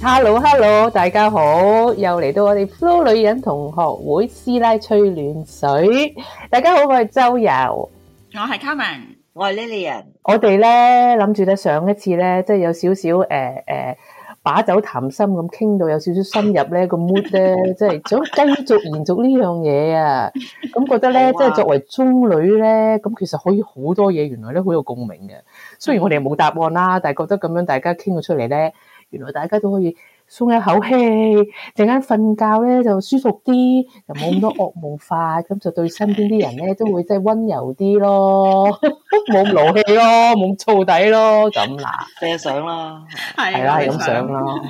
Hello，Hello，hello，大家好，又嚟到我哋 Flo 女人同學會師奶吹暖水。大家好，我係周游，我係 Carmen，我係 Lilian。我哋咧諗住咧上一次咧，即係有少少誒誒、呃呃、把酒談心咁傾到有少少深入咧 個 mood 咧，即係想繼續延續 呢樣嘢啊。咁覺得咧，即係作為中女咧，咁其實可以好多嘢原來咧好有共鳴嘅。雖然我哋冇答案啦，但係覺得咁樣大家傾咗出嚟咧。原來大家都可以鬆一口氣，陣間瞓覺咧就舒服啲，又冇咁多惡夢化，咁就對身邊啲人咧都會即係温柔啲咯，冇咁勞氣咯，冇咁燥底咯。咁嗱，想咯，係啦，係咁想咯。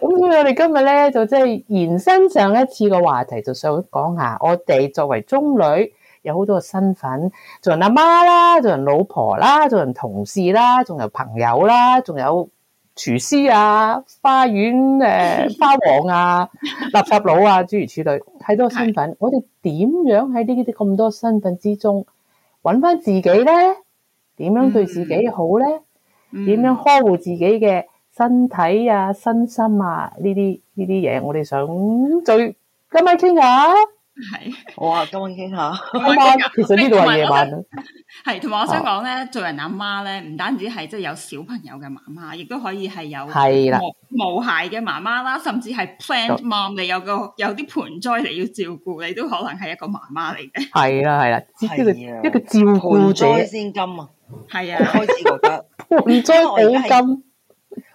咁所以我哋今日咧就即係延伸上一次個話題，就想講下我哋作為中女，有好多個身份，做人阿媽啦，做人老婆啦，做人同事啦，仲有朋友啦，仲有，廚師啊，花園誒、啊、花王啊， 垃圾佬啊，諸如此類，太多身份。是我哋點樣喺呢啲咁多身份之中揾翻自己咧？點樣對自己好咧？點、嗯、樣呵護自己嘅身體啊、身心啊？呢啲呢啲嘢，我哋想最今晚傾下、啊。係，我啊今晚傾下。阿媽，其實呢度係夜晚。係，同埋我想講咧，做人阿媽咧，唔單止係即係有小朋友嘅媽媽，亦都可以係有毛孩嘅媽媽啦，甚至係 plant mom，你有個有啲盆栽嚟要照顧，你都可能係一個媽媽嚟嘅。係啦，係啦，係啊，一個照顧者先金啊，係啊，開始覺得盆栽好金。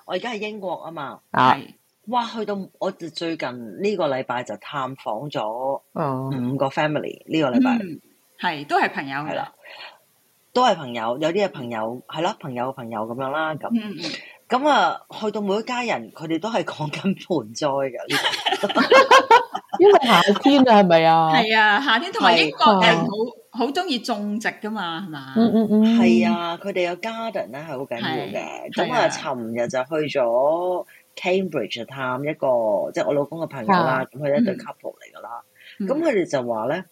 我而家係英國啊嘛。係。哇！去到我最近呢個禮拜就探訪咗五個 family 個。呢個禮拜係都係朋友係啦，都係朋友，有啲係朋友係啦，朋友嘅朋友咁樣啦。咁咁啊，去到每一家人，佢哋都係講緊盆栽噶，呢個， 因為夏天是是啊，係咪啊？係啊，夏天同埋英國人好好中意種植噶嘛，係嘛，的、嗯？嗯嗯嗯，係啊，佢哋有 garden 咧，係好緊要嘅。咁啊，尋日就去咗。Cambridge 探一個即係我老公嘅朋友啦，咁佢、啊、一對 couple 嚟噶啦，咁佢哋就話咧，誒、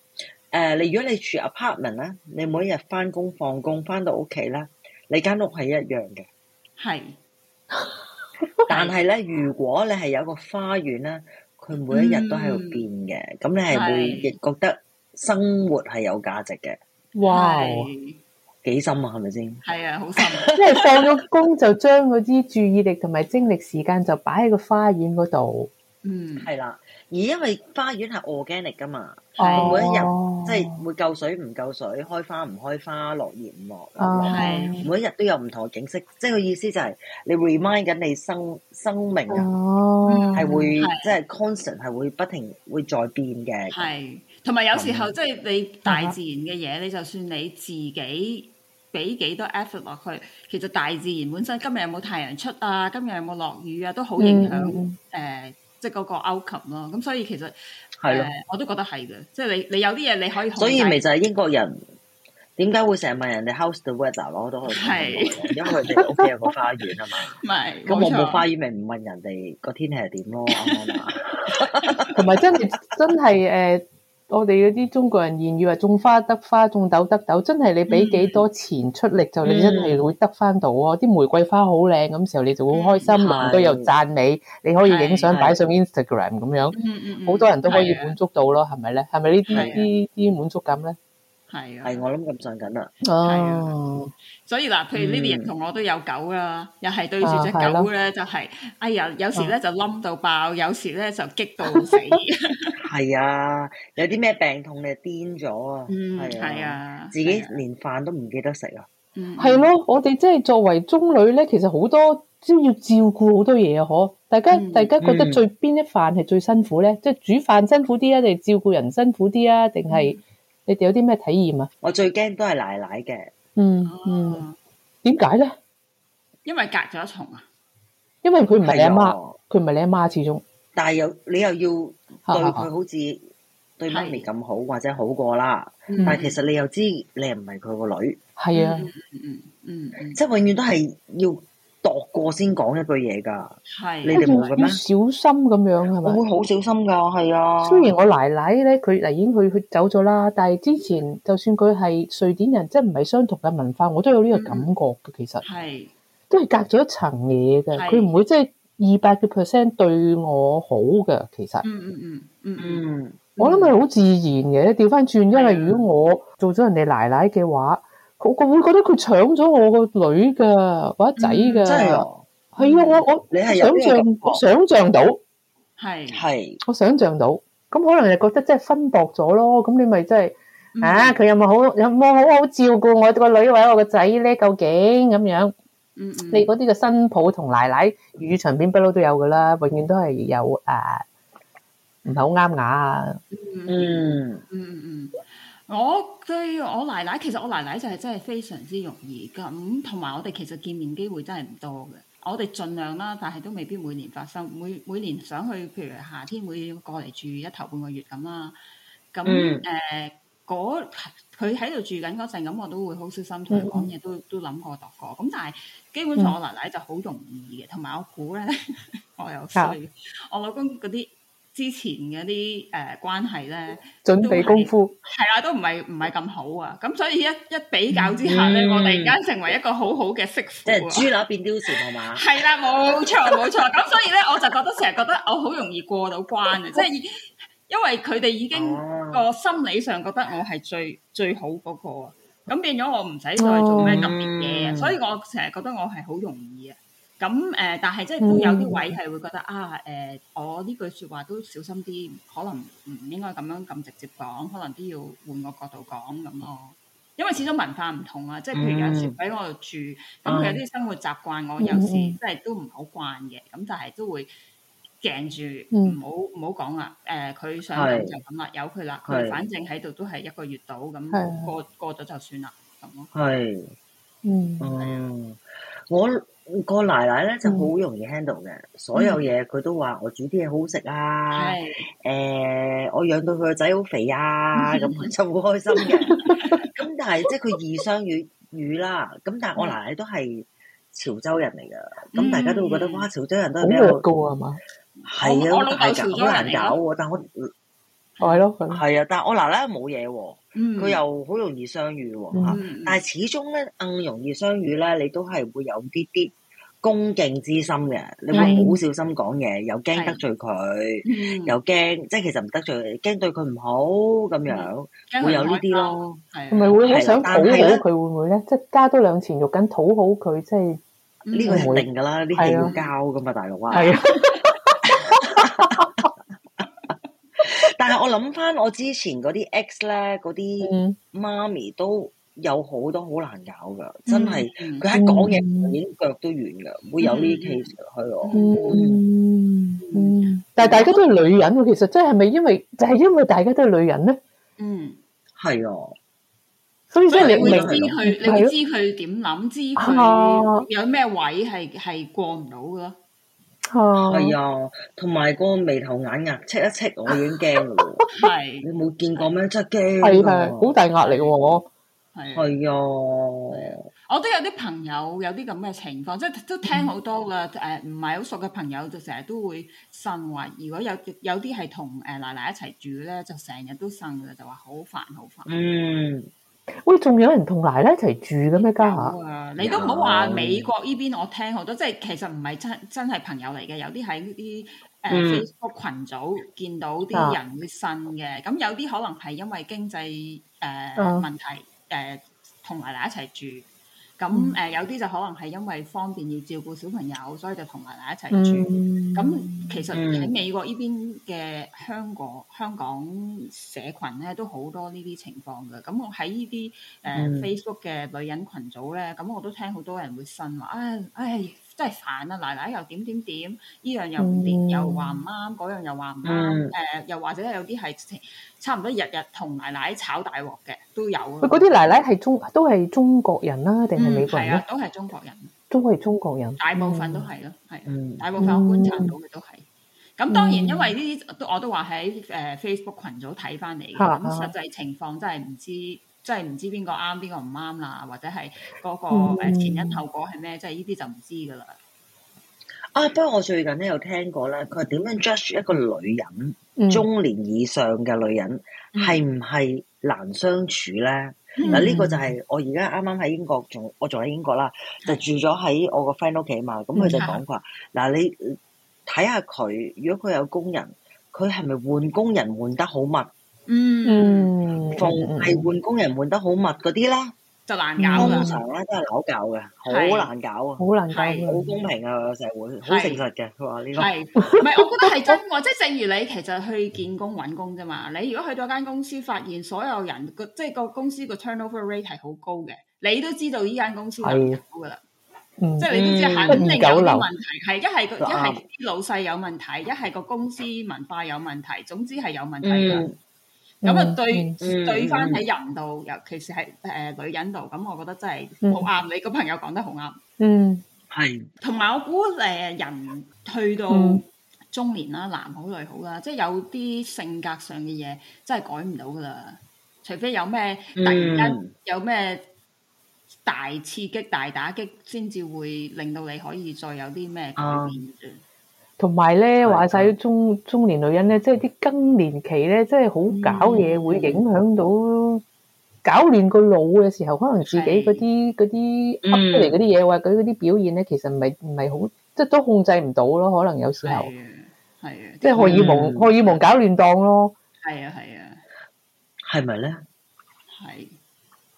呃，你如果你住 apartment 咧，你每一日翻工放工返到屋企咧，你間屋係一樣嘅，係是，但係咧， 如果你係有個花園咧，佢每一日都喺度變嘅，咁、嗯、你係會亦覺得生活係有價值嘅。是哇！幾深啊，係咪先？係啊，好深。 即係放咗工就將嗰啲注意力同埋精力時間就擺喺個花園嗰度。嗯，係啦。而因為花園係 organic 噶嘛，係的每一日即係會夠水唔夠水，開花唔開花，落葉唔落。係每一日都有唔同嘅景色。即係個意思就係、是、你 remind 緊你生生命啊，係會即係 constant 係會不停會再變嘅。係同埋有時候即係、就是、你大自然嘅嘢，你就算你自己。俾幾多 effort 落去？其實大自然本身，今日有冇太陽出啊？今日有冇落雨啊？都好影響誒、嗯呃，即係嗰個 outcome 咯。咁、嗯、所以其實係咯的、呃，我都覺得係嘅。即係你你有啲嘢你可以。所以咪就係英國人點解會成日問人哋、嗯、house the weather 咯？都可以係是，因為佢哋屋企有個花園啊嘛。咪冇錯。咁 吧我冇花園，咪唔問人哋個天氣係點咯？同埋 真係真係誒。 我哋嗰啲中國人言語話種花得花，種豆得豆，真係你俾幾多錢出力，嗯、就你一定會得返到啊！啲玫瑰花好靚咁時候，你就會開心，人的都又讚美。你可以影相擺上 Instagram 咁樣，好多人都可以滿足到咯，係咪咧？係咪呢啲啲的滿足感咧？係，係我諗咁上緊啦。哦、嗯啊，所以嗱，譬如呢啲人同我都有狗啦、啊，又係對住隻狗咧，啊、就係、是、哎呀，有時咧就冧到爆，有時咧就激到死。係 啊，有啲咩病痛你癲咗啊，係啊，自己連飯都唔記得食啊。嗯、啊，係咯、啊，我哋即係作為中女咧，其實好多都要照顧好多嘢啊。嗬、大家、嗯嗯、大家覺得最邊一飯係最辛苦咧？即、就、係、是、煮飯辛苦啲啊，定係照顧人辛苦啲啊，定係、嗯？你哋有啲咩體驗啊？我最驚都係奶奶嘅、嗯。嗯嗯，點解咧？因為隔咗一重啊。因為佢唔係你阿媽，媽，佢唔係你阿媽，媽始終。但係又你又要對佢好似對媽咪咁好，的或者好過啦。的但係其實你又知你又唔係佢個女。係啊的、嗯。嗯嗯，嗯，嗯即係永遠都係要。度過先講一句嘢㗎，是你哋冇㗎咩？小心咁樣係咪？我會好小心㗎，係啊。雖然我奶奶咧，佢嗱已經佢佢走咗啦，但係之前就算佢係瑞典人，即係唔係相同嘅文化，我都有呢個感覺嘅。嗯、其實係是都係隔咗層嘢嘅，佢唔是會即係二百個 percent 對我好嘅。其實，嗯嗯嗯嗯嗯，嗯嗯嗯我諗係好自然嘅。調翻轉，是因為如果我做咗人哋奶奶嘅話。我我會覺得佢搶咗我個女噶或者仔噶，係因為我我,你我想象想象到，係係我想象到，咁可能就覺得即係分薄咗咯。咁你咪即係，啊佢、嗯、有冇好有冇好好照顧我個女或者我個仔咧？究竟咁樣？嗯嗯、你嗰啲個新抱同奶奶雨場邊不嬲都有噶啦，永遠都係有誒唔係好啱牙。嗯嗯嗯嗯。嗯我對我奶奶，其實我奶奶就係真係非常之容易咁，同埋我哋其實見面機會真係唔多嘅。我哋盡量啦，但係都未必每年發生。每每年想去，譬如夏天會過嚟住一頭半個月咁啦。咁誒，佢喺度住緊嗰陣，咁我都會好小心同佢講嘢，都都諗過度過。咁但係基本上我奶奶就好容易嘅，同埋我估咧，嗯、 我又衰壞，嗯、我老公嗰啲。之前嗰啲誒關係咧，準備功夫係啦，都唔係唔係咁好啊。咁所以一一比較之下咧，嗯、我突然間成為一個好好嘅媳婦，即係豬乸變嬌子係嘛？係啦，冇錯冇錯。咁 所以咧，我就覺得成日覺得我好容易過到關啊！即係 因為佢哋已經個、哦、心理上覺得我係最最好嗰、嗰個啊，咁變咗我唔使再做咩特別嘢，嗯、所以我成日覺得我係好容易啊。咁誒，嗯、但係即係都有啲位係會覺得啊，誒、呃，我呢句説話都小心啲，可能唔應該咁樣咁直接講，可能都要換個角度講咁咯。因為始終文化唔同啊，即係譬如有時畀我住，咁佢、嗯嗯啊、有啲生活習慣，我有時即係都唔係好慣嘅，咁但係都會鏡住唔好唔好講啊。誒，佢想咁就咁啦，由佢啦，佢反正喺度都係一個月到咁是過過咗就算啦，咁咯。係，嗯，我。個奶奶咧就好容易 handle 嘅，嗯、所有嘢佢都話我煮啲嘢好食啊，誒的、呃、我養到佢個仔好肥啊，咁、嗯、哼就好開心嘅。咁 但係即係佢異鄉語語啦、啊，咁但係我奶奶都係潮州人嚟噶，咁大家都會覺得哇潮州人都比較高啊嘛？係啊，係好難搞喎。係咯，係啊，但係我奶奶冇嘢，佢又好容易相遇吓，但係始終咧，更容易相遇咧，你都係會有啲啲恭敬之心嘅，你會好小心講嘢，又驚得罪佢，又驚即係其實唔得罪，驚對佢唔好咁樣，會有呢啲咯，係咪會好想討好佢會唔會咧？即係加多兩錢肉緊討好佢，即係呢個唔定噶啦，啲要交噶嘛，大陸啊。但係我諗翻我之前嗰啲 ex 咧，嗰啲媽咪都有好多好難搞噶，真係佢喺講嘢，連腳都軟噶，唔會有呢啲 case 去哦。嗯，但係大家都係女人，其實真係咪因為就係因為大家都係女人咧？嗯，係啊，所以即係你會知佢，你會知佢點諗，知佢有咩位係係過唔到噶。係啊，同埋嗰個眉頭眼額，戚一戚我已經驚咯，係 你冇見過咩？ 真係驚，係啊，好大壓力喎，係啊，的我都有啲朋友有啲咁嘅情況，即係都聽好多啦。誒、嗯，唔係好熟嘅朋友就成日都會呻話，如果有有啲係同誒奶奶一齊住咧，就成日都呻嘅，就話好煩好煩。煩嗯。喂，仲有人同奶奶一齊住嘅咩？家下，你都唔好話美國呢邊，我聽好多，即係其實唔係真真係朋友嚟嘅，有啲喺啲誒 Facebook 群組見到啲人會呻嘅，咁有啲可能係因為經濟誒問題，誒同埋奶奶一齊住。嗯咁誒、嗯呃、有啲就可能係因為方便要照顧小朋友，所以就同奶奶一齊住。咁、嗯、其實喺美國呢邊嘅香港、嗯、香港社群咧，都好多呢啲情況嘅。咁我喺呢啲誒 Facebook 嘅女人群組咧，咁我都聽好多人會呻話：唉、哎、唉、哎，真係煩啊！奶奶又點點點，呢樣又唔掂，又話唔啱，嗰樣又話唔啱。誒、嗯呃，又或者有啲係。差唔多日日同奶奶炒大鑊嘅都有，佢嗰啲奶奶係中都係中國人啦、啊，定係美國人咧、嗯啊？都係中國人，都係中，中國人，大部分都係咯，係、啊，嗯、大部分我觀察到嘅都係。咁、嗯、當然，因為呢啲都我都話喺誒 Facebook 群組睇翻嚟嘅，咁、嗯、實際情況真係唔知，真係唔知邊個啱邊個唔啱啦，或者係嗰個誒前因後果係咩？即係呢啲就唔知噶啦。啊！不過我最近咧有聽過咧，佢話點樣 judge 一個女人、嗯、中年以上嘅女人係唔係難相處咧？嗱、嗯，呢個就係我而家啱啱喺英國，仲我仲喺英國啦，就住咗喺我個 friend 屋企嘛。咁、嗯、佢、嗯、就講佢話：嗱、嗯，你睇下佢，如果佢有工人，佢係咪換工人換得好密嗯？嗯，逢係換工人換得好密嗰啲咧。就難搞啦！工場咧都係攪搞嘅，好難搞啊！好難搞，好公平啊，個社會，好誠實嘅。佢話呢個係咪？我覺得係真喎，即係正如你其實去見工搵工啫嘛。你如果去到間公司發現所有人個即係個公司個 turnover rate 係好高嘅，你都知道依間公司唔好㗎啦。即係你都知肯定有啲問題，係一係一係啲老細有問題，一係個公司文化有問題，總之係有問題㗎。咁啊，嗯嗯嗯、對、嗯嗯、對翻喺人度，尤其是係誒、呃、女人度，咁、嗯嗯、我覺得真係好啱。嗯、你個朋友講得好啱。嗯，係。同埋我估誒人去到中年啦，嗯、男好女好啦，即、就、係、是、有啲性格上嘅嘢真係改唔到㗎喇，除非有咩突然間有咩大刺激、大打擊，先至會令到你可以再有啲咩改變。嗯。同埋咧，話晒啲中中年女人咧，即係啲更年期咧，即係好搞嘢，會影響到搞亂個腦嘅時候，可能自己嗰啲噏出嚟嗰啲嘢，或者嗰啲表現咧，其實唔係唔係好，即係都控制唔到咯，可能有時候係啊，即係荷爾蒙荷爾蒙搞亂檔咯，係啊係啊，係咪咧？係。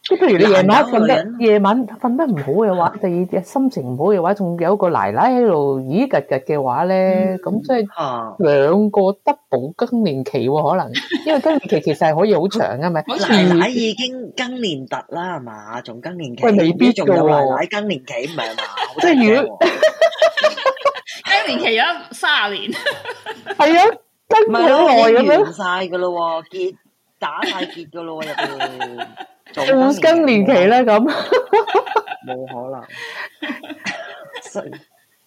即係譬如你夜晚瞓得夜晚瞓得唔好嘅話，第二日心情唔好嘅話，仲有個奶奶喺度咦噶噶嘅話咧，咁即係兩個 double 更年期喎，可能，因為更年期其實係可以好長㗎嘛。奶奶已經更年突啦，係嘛？仲更年期？未必仲有奶奶更年期，唔係嘛？即係如果更年期有三十年，係啊，唔係好耐咁樣。完晒噶咯，結打晒結噶咯，入邊。五更年期咧咁，冇可能。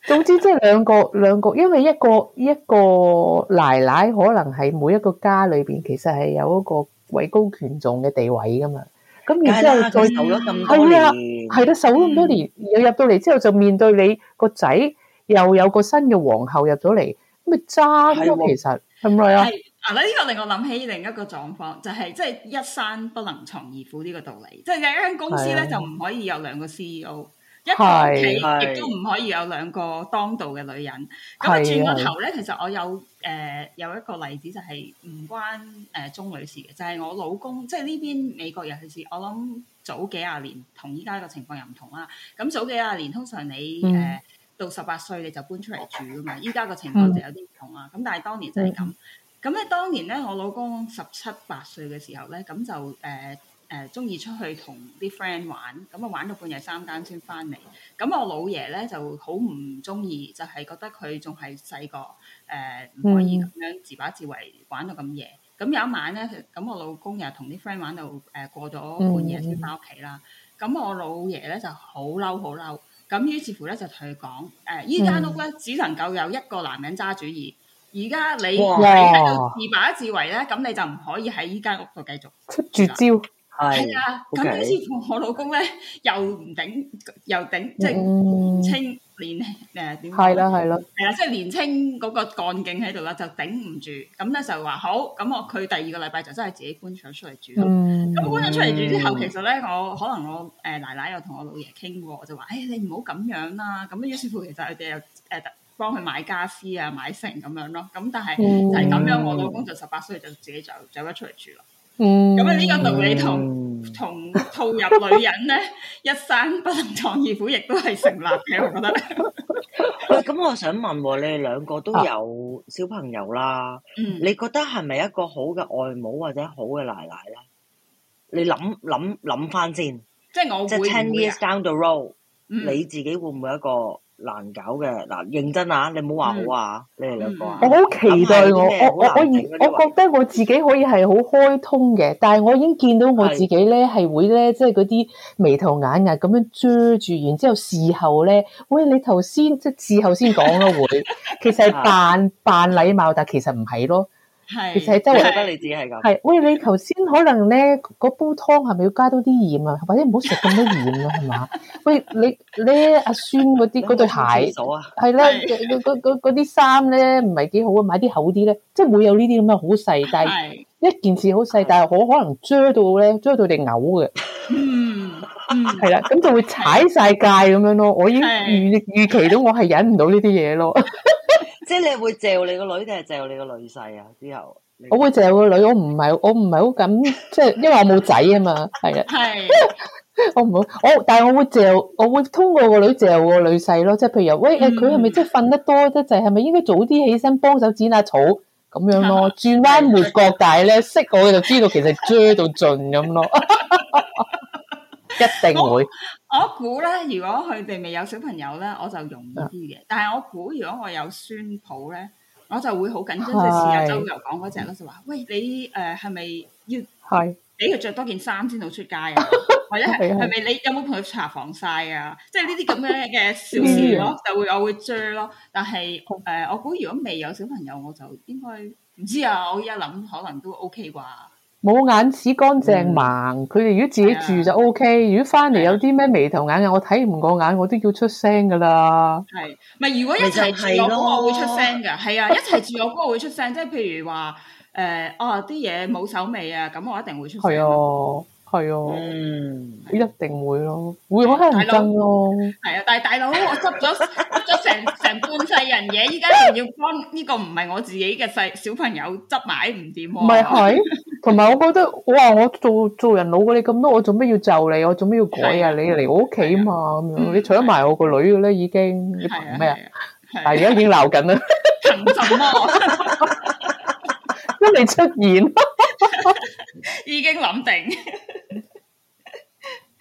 總之即係兩個兩個，因為一個一個奶奶可能係每一個家裏邊，其實係有一個位高權重嘅地位噶嘛。咁然之後再係啊，係啦，守咗咁多年，又入到嚟之後就面對你個仔，又有個新嘅皇后入咗嚟，咁咪爭咯。其實係咪呀？嗱，呢、啊這個令我諗起另一個狀況，就係即係一山不能藏二虎呢個道理，即、就、係、是、一間公司咧的就唔可以有兩個 CEO，的一屋企亦都唔可以有兩個當道嘅女人。咁啊的，轉個頭咧，的其實我有誒、呃、有一個例子就係、是、唔關誒鍾、呃、女士嘅，就係、是、我老公，即係呢邊美國尤其是我諗早幾廿年同依家嘅情況又唔同啦。咁早幾廿年通常你誒、嗯、到十八歲你就搬出嚟住噶嘛，依家個情況就有啲唔同啦。咁但係當年就係咁。嗯咁咧，當年咧，我老公十七八歲嘅時候咧，咁就誒誒中意出去同啲 friend 玩，咁啊玩到半夜三更先翻嚟。咁我老爺咧就好唔中意，就係、就是、覺得佢仲係細個，誒、呃、唔可以咁樣自把自為玩到咁夜。咁有一晚咧，咁我老公又同啲 friend 玩到誒、呃、過咗半夜先翻屋企啦。咁、嗯嗯嗯、我老爺咧就好嬲，好嬲。咁於是乎咧就同佢講：誒、呃，依間屋咧只能夠有一個男人揸主意。而家你喺度自把自為咧，咁你就唔可以喺依間屋度繼續出絕招。係啊，咁於是乎我老公咧又唔頂，又頂即係年青年誒點？係啦，係啦，係啦，即係年青嗰個幹勁喺度啦，就頂唔住。咁咧就話好，咁我佢第二個禮拜就真係自己搬咗出嚟住。咁搬咗出嚟住之後，其實咧我可能我誒奶奶又同我老爺傾過，我就話誒你唔好咁樣啦。咁於是乎其實佢哋又誒。幫佢買傢俬啊，買成咁樣咯。咁但係就係咁樣，我老公就十八歲就自己就走咗出嚟住啦。咁啊，呢個道理同同套入女人咧，一生不能當二夫，亦都係成立嘅。我覺得。咁我想問喎，你哋兩個都有小朋友啦，你覺得係咪一個好嘅外母或者好嘅奶奶咧？你諗諗諗返先，即係我即係 ten years down the road，你自己會唔會一個？難搞嘅。嗱，認真啊，你唔好話好啊，嗯、你哋兩個啊，我好期待我，我我我覺，我，我，我覺得我自己可以係好開通嘅， 但係我已經見到我自己咧係會咧，即係嗰啲眉頭眼眼咁樣遮住，然之後事後咧，喂，你頭先即係事後先講咯，會 其實係扮扮禮貌，但係其實唔係咯。係，其實喺周圍都你自己係咁。係，喂，你頭先可能咧，嗰煲湯係咪要加多啲鹽啊？或者唔好食咁多鹽咯，係嘛？喂，你咧阿孫嗰啲嗰對鞋，係咧嗰啲衫咧，唔係幾好啊？買啲厚啲咧，即係會有呢啲咁嘅好細，但係一件事好細，但係我可能遮到咧，遮到你嘔嘅。嗯，係啦，咁就會踩晒界咁樣咯。我已經預預期到，我係忍唔到呢啲嘢咯。即係你會嚼你個女定係嚼你個女婿啊？之後我會嚼個女，我唔係我唔係好敢，即係因為我冇仔啊嘛，係啊，我唔好我，但係我會嚼，我會通過個女嚼個女婿咯。即係譬如話，喂，佢係咪即係瞓得多得滯？係咪應該早啲起身幫手剪下草咁樣咯？轉彎抹角，但係咧，識我嘅就知道其實追到盡，咁咯，一定會。我估咧，如果佢哋未有小朋友咧，我就容易啲嘅。但係我估，如果我有孫抱咧，我就會好緊張。即試下周遊講嗰隻咯，就話：喂，你誒係咪要俾佢着多件衫先到出街啊？ 或者係咪 你有冇同佢搽防曬啊？即係呢啲咁樣嘅小事咯， 就會我會追咯。但係誒、呃，我估如果未有小朋友，我就應該唔知啊。我一諗可能都 OK 啩。冇眼屎乾淨盲，佢哋、嗯、如果自己住就 O、OK, K，啊、如果翻嚟有啲咩眉頭眼眼，啊、我睇唔過眼，我都要出聲噶啦。係，咪如果一齊住我哥會出聲嘅，係啊，一齊住我嗰個會出聲，即係譬如話，誒、呃、哦，啲嘢冇手尾啊，咁、啊、我一定會出聲。係啊，一定會咯，會可能真咯。係啊，但係大佬，我執咗執咗成成半世人嘢，依家仲要幫呢個唔係我自己嘅細小朋友執埋唔掂。唔係，同埋我覺得，我話我做做人老過你咁多，我做咩要就你？我做咩要改啊？你嚟我屋企啊嘛？你娶埋我個女嘅咧，已經你憑咩啊？但係而家已經鬧緊啦，憑什啊？都未出現，已經諗定。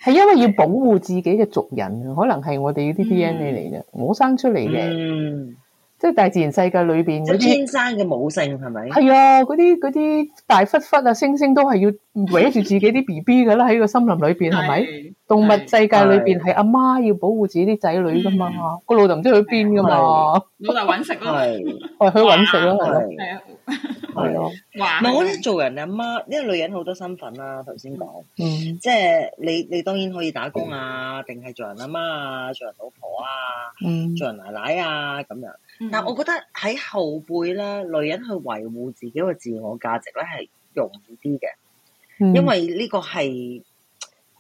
係因為要保護自己嘅族人，可能係我哋啲 DNA 嚟嘅，冇生出嚟嘅，即係大自然世界裏邊嗰啲天生嘅母性係咪？係啊，嗰啲啲大狒狒啊，猩猩都係要搲住自己啲 B B 噶啦，喺個森林裏邊係咪？動物世界裏邊係阿媽要保護自己啲仔女噶嘛，個老豆唔知去邊噶嘛，老豆搵食咯，係去搵食咯，係啊。係咯，唔係 哇我覺得的做人阿媽，呢個女人好多身份啦，啊，頭先講，嗯、即係你你當然可以打工啊，定係做人阿媽啊，做人老婆啊，嗯、做人奶奶啊咁樣。但係我覺得喺後輩咧，女人去維護自己個自我價值咧係容易啲嘅，因為呢個係。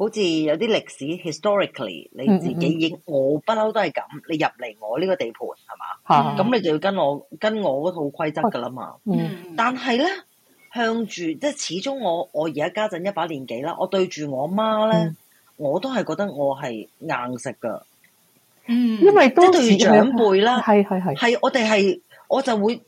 好似有啲歷史 historically 你自己認、嗯嗯、我不嬲都係咁，你入嚟我呢個地盤係嘛？咁、嗯、你就要跟我跟我嗰套規則㗎啦嘛。嗯、但係咧，向住即係始終我我而家家陣一把年紀啦，我對住我媽咧，嗯、我都係覺得我係硬食㗎。嗯，因為即係對住長輩啦，係係係，係我哋係我就會。是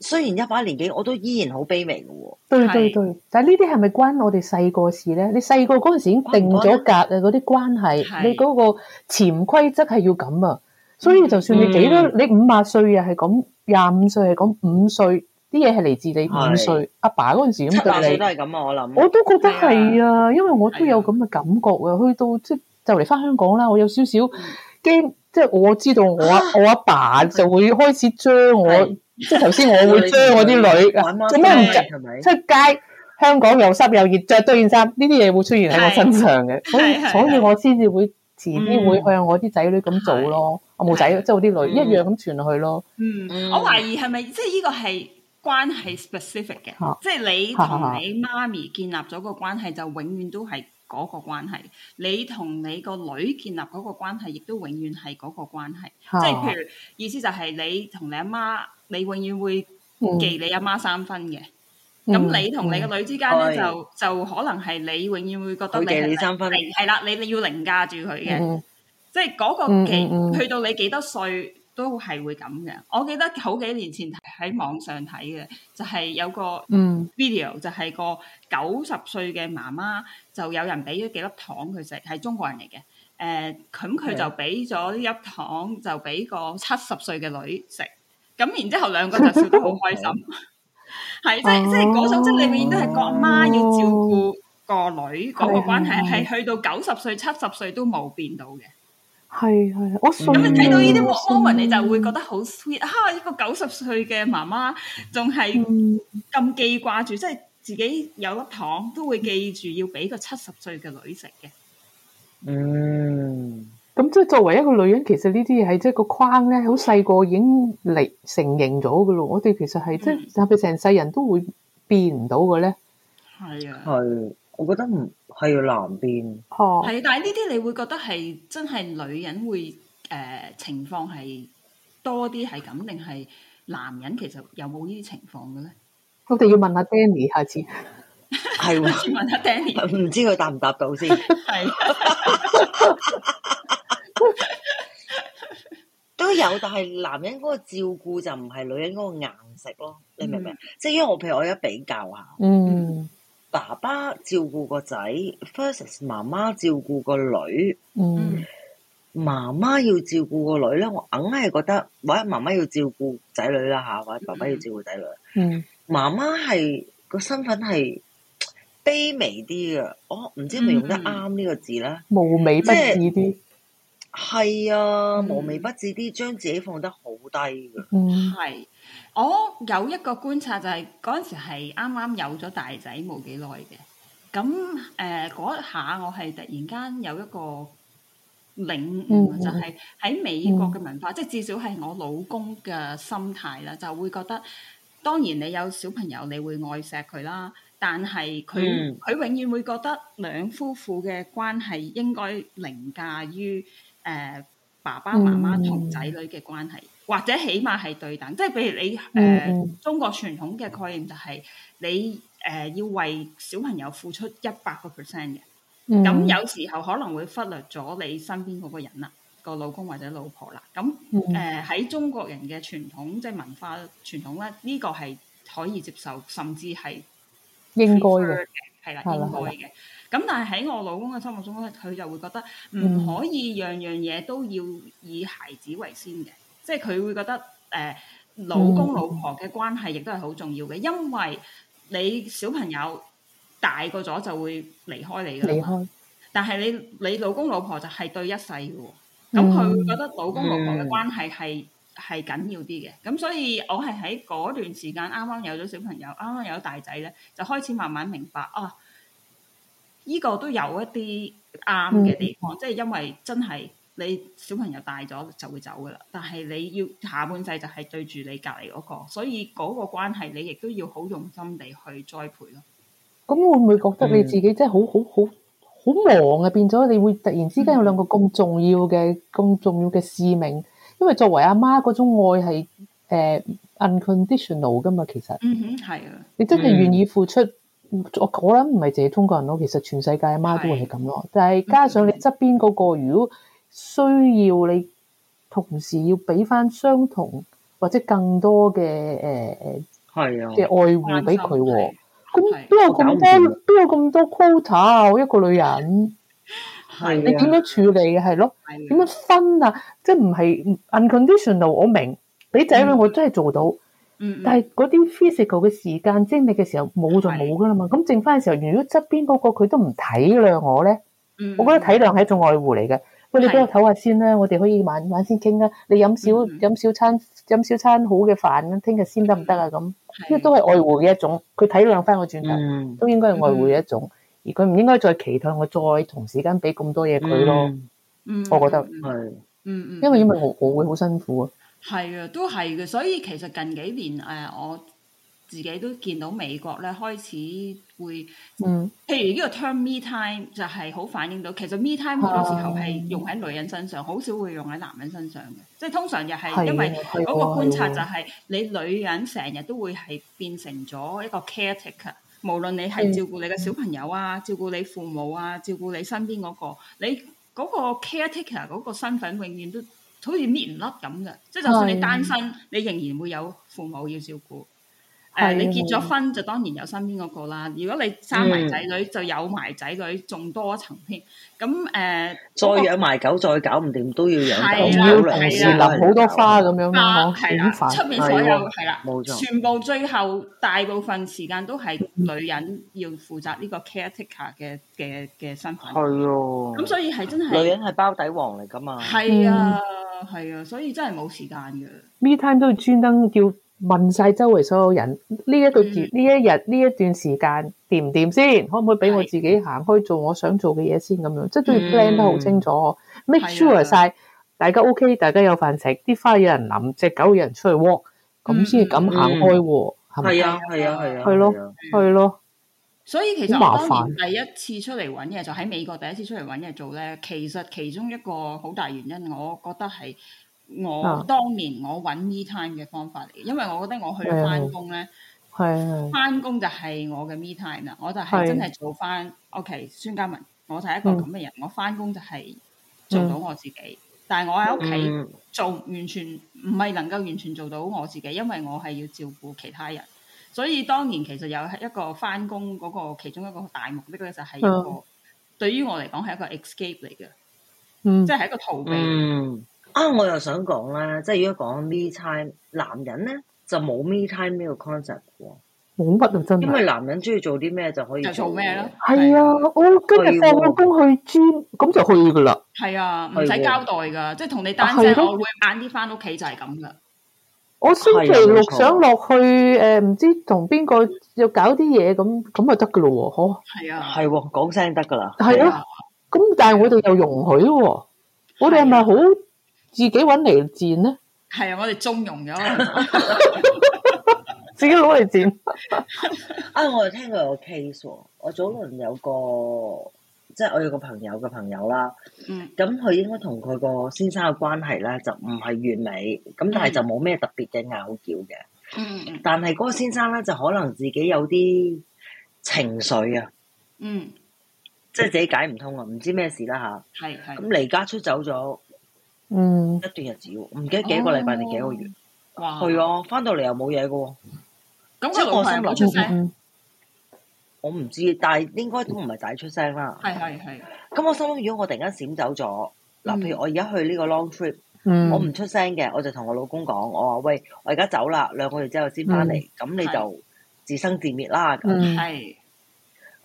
雖然一把年紀，我都依然好卑微嘅。對對對，但係呢啲係咪關我哋細個事咧？你細個嗰陣時已經定咗格嘅嗰啲關係，你嗰個潛規則係要咁啊。所以就算你幾多，你五十歲啊，係咁，廿五歲係咁，五歲啲嘢係嚟自，你五歲阿爸嗰陣時咁對你。都係咁啊！我諗，我都覺得係啊，因為我都有咁嘅感覺啊。去到即係就嚟翻香港啦，我有少少驚，即係我知道我我阿爸就會開始將我。即係頭先，我會將我啲女做咩唔着，係咪？出街？香港又濕又熱，着多件衫。呢啲嘢會出現喺我身上嘅，所以我先至會遲啲會向我啲仔女咁做咯。我冇仔，即係我啲女一樣咁傳落去咯。嗯，我懷疑係咪即係呢個係關係 specific 嘅？即係你同你媽咪建立咗個關係，就永遠都係嗰個關係。你同你個女建立嗰個關係，亦都永遠係嗰個關係。即係譬如意思就係你同你阿媽。你永遠會忌你阿媽三分嘅，咁、嗯、你同你個女之間咧、哎、就就可能係你永遠會覺得會忌你三分，係啦，你你要凌駕住佢嘅，嗯、即係嗰個忌、嗯嗯、去到你幾多歲都係會咁嘅。我記得好幾年前喺網上睇嘅，就係、是、有個 video 就係個九十歲嘅媽媽就有人俾咗幾粒糖佢食，係中國人嚟嘅。誒、嗯，咁、嗯、佢、嗯、就俾咗呢粒糖就俾個七十歲嘅女食。咁然之後兩個就笑得好開心，係 的、啊、即係即係嗰種即係你永遠都係個阿媽要照顧個女嗰、啊、個關係，係是去到九十歲七十歲都冇變到嘅。係係，我咁你睇到呢啲 moment，你就會覺得好 sweet。哈、啊，一個九十歲嘅媽媽仲係咁記掛住，嗯、即係自己有粒糖都會記住要俾個七十歲嘅女食嘅。嗯。咁即係作為一個女人，其實呢啲嘢係即係個框咧，好細個已經嚟承認咗噶咯。我哋其實係即係，特別成世人都會變唔到嘅咧。係啊，係，我覺得唔係要難變。吓，係，但係呢啲你會覺得係真係女人會誒情況係多啲係咁，定係男人其實有冇呢啲情況嘅咧？我哋要問下 Danny 下次係，先問下 Danny，唔知佢答唔答到先。係。 都有，但係男人嗰個照顧就唔係女人嗰個硬食咯，你明唔明？Mm. 即係因為我譬如我而家比較一下，嗯，mm. 爸爸照顧個仔 versus 媽媽照顧個女，嗯，媽媽要照顧個女咧，我硬係覺得，話媽媽要照顧仔女啦吓，話爸爸要照顧仔女，嗯、mm.，媽媽係個身份係卑微啲嘅，我唔知係咪用得啱呢個字咧，無微不至啲。係啊，無微不至啲，將自己放得好低嘅。係、嗯，我有一個觀察就係嗰陣時係啱啱有咗大仔冇幾耐嘅。咁誒、嗰、呃、下我係突然間有一個領悟，嗯、就係喺美國嘅文化，嗯、即係至少係我老公嘅心態啦，就會覺得，當然你有小朋友你會愛錫佢啦，但係佢佢永遠會覺得兩夫婦嘅關係應該凌駕於。誒、uh, 爸爸媽媽同仔女嘅關係，嗯、或者起碼係對等，即係譬如你誒中國傳統嘅概念就係你誒要為小朋友付出一百個 percent 嘅，咁有時候可能會忽略咗你身邊嗰個人啦，個老公或者老婆啦，咁誒喺中國人嘅傳統即係文化傳統咧，呢、呢個係可以接受，甚至係應該嘅，係啦，應該嘅。了了咁但係喺我老公嘅心目中咧，佢就會覺得唔可以樣樣嘢都要以孩子為先嘅，嗯、即係佢會覺得誒、呃、老公老婆嘅關係亦都係好重要嘅，因為你小朋友大個咗就會離開你㗎喇，離開但係你你老公老婆就係對一世嘅喎。咁佢、嗯、會覺得老公老婆嘅關係係係緊要啲嘅。咁所以我係喺嗰段時間啱啱有咗小朋友，啱啱有咗大仔咧，就開始慢慢明白啊。呢個都有一啲啱嘅地方，嗯、即係因為真係你小朋友大咗就會走噶啦，但係你要下半世就係對住你隔離嗰個，所以嗰個關係你亦都要好用心地去栽培咯。咁、嗯嗯嗯、會唔會覺得你自己真係好好好好忙啊？變咗你會突然之間有兩個咁重要嘅咁、嗯、重要嘅使命，因為作為阿媽嗰種愛係、呃、unconditional 噶嘛，其實嗯哼係啊，嗯、你真係願意付出、嗯。我我諗唔係淨係中國人咯，其實全世界阿媽都會係咁咯。但係加上你側邊嗰個，如果需要你同時要俾翻相同或者更多嘅誒，係啊嘅愛護俾佢，咁邊有咁多邊有咁多 quota 一個女人？係你點樣處理？係咯？點樣分啊？即係唔係 unconditional？我明俾仔女，我真係做到。但係嗰啲 physical 嘅時間精力嘅時候冇就冇噶啦嘛，咁剩翻嘅時候，如果側邊嗰個佢都唔體諒我咧，我覺得體諒係一種愛護嚟嘅。喂，你俾我唞下先啦，我哋可以晚晚先傾啦。你飲少飲少餐飲少餐好嘅飯，聽日先得唔得啊？咁呢都係愛護嘅一種，佢體諒翻我轉頭，都應該係愛護嘅一種，而佢唔應該再期待我再同時間俾咁多嘢佢咯。嗯，我覺得係，嗯嗯，因為因為我我會好辛苦啊。係啊，都係嘅，所以其實近幾年誒、呃，我自己都見到美國咧開始會，嗯，譬如呢個 term me time 就係好反映到，其實 me time 好多時候係用喺女人身上，好少會用喺男人身上嘅，即係通常又係因為嗰個觀察就係、係、嘅你女人成日都會係變成咗一個 caretaker，無論你係照顧你嘅小朋友啊，嗯、照顧你父母啊，照顧你身邊嗰、嗰個，你嗰個 caretaker 嗰個身份永遠都，好似搣唔甩咁嘅，即係就算你單身，你仍然會有父母要照顧。誒，你結咗婚就當然有身邊嗰個啦。如果你生埋仔女，就有埋仔女，仲多一層添。咁誒，再養埋狗，再搞唔掂都要養狗嚟，要立好多花咁樣咯。係啦，出面所有係啦，冇錯，全部最後大部分時間都係女人要負責呢個 caretaker 嘅嘅嘅身份。係咯。咁所以係真係女人係包底王嚟噶嘛？係啊。係啊，所以真係冇時間㗎。Me time 都要專登叫問晒周圍所有人，呢一度、呢一日、呢一段時間掂唔掂先，可唔可以俾我自己行開做我想做嘅嘢先咁樣，即係都要 plan、嗯、得好清楚的，make sure 晒大家 OK，大家有飯食，啲花有人淋，隻狗有人出去 walk，咁先敢行開係咪？係啊係啊係啊，係咯係咯。所以其實我當年第一次出嚟揾嘢，就喺美國第一次出嚟揾嘢做咧。其實其中一個好大原因，我覺得係我當年我揾 me time 嘅方法嚟嘅，因為我覺得我去翻工咧，係翻工就係我嘅 me time 啦。我就係真係做翻。的 O.K. 孫嘉文，我就係一個咁嘅人。嗯、我翻工就係做到我自己，嗯、但係我喺屋企做完全唔係能夠完全做到我自己，因為我係要照顧其他人。所以當年其實有一個返工嗰個其中一個大目的咧，就係一個對於我嚟講係一個 escape 嚟嘅，嗯，即係一個逃避。嗯啊，我又想講啦，即係如果講 me time，男人咧就冇 me time 呢個 concept 喎，冇乜啊真。因為男人中意做啲咩就可以做咩咯，係啊，我今日放工去 gym，咁就去噶啦，係啊，唔使交代噶，啊啊、即係同你單車，的我會晏啲返屋企就係咁噶。我星期六想落去誒，唔、呃、知同邊個要搞啲嘢咁，咁就得嘅咯喎，嗬？係啊，係喎，講聲得噶啦。係啊，咁但係我哋又容許喎、啊，啊、我哋係咪好自己揾嚟賤呢？係啊，我哋縱容咗， 自己攞嚟賤。啊、 哎，我聽過有 case 喎，我早輪有個。即係我有個朋友嘅朋友啦，咁佢應該同佢個先生嘅關係咧就唔係完美，咁但係就冇咩特別嘅拗撬嘅。嗯嗯。但係嗰個先生咧就可能自己有啲情緒啊。嗯。即係自己解唔通啊！唔知咩事啦吓。係係。咁離家出走咗。嗯。一段日子喎，唔記得幾個禮拜定幾個月。哇。係啊，返到嚟又冇嘢嘅喎。咁佢又係唔出聲。我唔知，但係應該都唔係第出聲啦。係係係。咁我心諗，如果我突然間閃走咗，嗱、嗯，譬如我而家去呢個 long trip，嗯、我唔出聲嘅，我就同我老公講，我話喂，我而家走啦，兩個月之後先翻嚟，咁、嗯、你就自生自滅啦。係、嗯。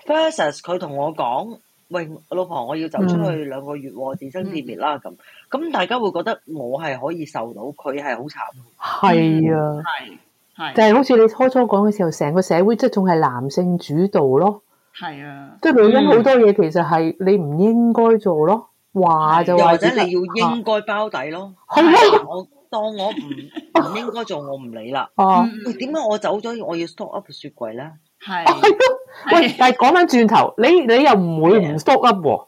First 佢同我講：，喂，老婆，我要走出去兩個月，嗯、自生自滅啦。咁，咁大家會覺得我係可以受到，佢係好慘。係啊是。就係好似你初初講嘅時候，成個社會即係仲係男性主導咯。係啊，即係女人好多嘢其實係你唔應該做咯，話就話，或者你要應該包底咯。好，我當我唔唔 應該做，我唔理啦。哦、啊，點解我走咗我要 stock up 雪櫃咧？係，係咯。喂，但係講翻轉頭，你你又唔會唔 stock up 喎？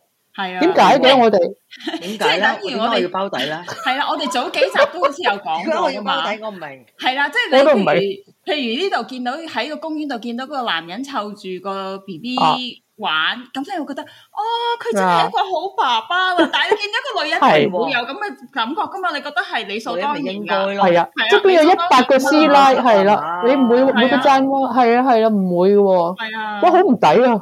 係啊，點解嘅我哋點解咧？咁我哋要包底啦。係啦，我哋早幾集都好似有講過噶嘛。點解我要包底？我唔明。係啦，即係你都唔如譬如呢度見到喺個公園度見到嗰個男人湊住個 B B 玩，咁咧會覺得哦，佢真係一個好爸爸啦。但係你見到個女人就冇有咁嘅感覺噶嘛？你覺得係理所當然噶？係啊，即係邊有一百個師奶係啦，你唔會每個讚喎，係啊係啊，唔會喎。係啊，哇，好唔抵啊！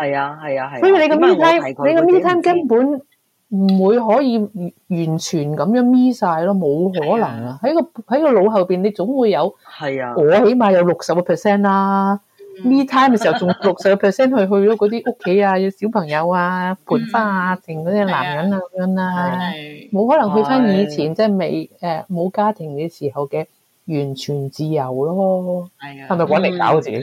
係啊，係啊，係。所以你個 Me Time 你個 Me Time 根本唔會可以完全咁樣搣晒咯，冇可能啊！喺個喺個腦後邊，你總會有。係啊。我起碼有六十個 percent 啦。Me Time 嘅時候仲六十個 percent 去去咗嗰啲屋企啊、小朋友啊、盆花啊、定嗰啲男人啊咁樣啦，冇可能去翻以前即係未誒冇家庭嘅時候嘅完全自由咯。係啊。係咪搵嚟搞自己？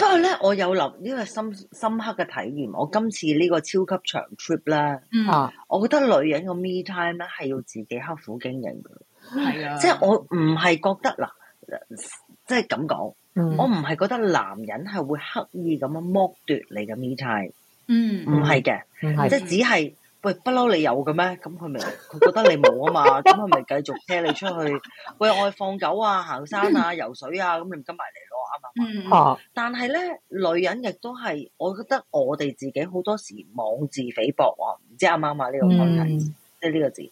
不過咧，我有諗呢個深深刻嘅體驗。我今次呢個超級長 trip 咧，嚇、嗯，我覺得女人個 me time 咧係要自己刻苦經營嘅。係啊、嗯，即係我唔係覺得嗱，即係咁講，我唔係覺得男人係會刻意咁樣剝奪你嘅 me time。嗯，唔係嘅，即係只係喂不嬲你有嘅咩？咁佢咪佢覺得你冇啊嘛？咁佢咪繼續車你出去。喂，我去放狗啊、行山啊、游水啊，咁、嗯啊、你唔跟埋嚟？嗯，吓，但係咧，女人亦都係，我覺得我哋自己好多時妄自菲薄啊，唔知啱唔啱啊？呢、嗯、個問題，即係呢個字，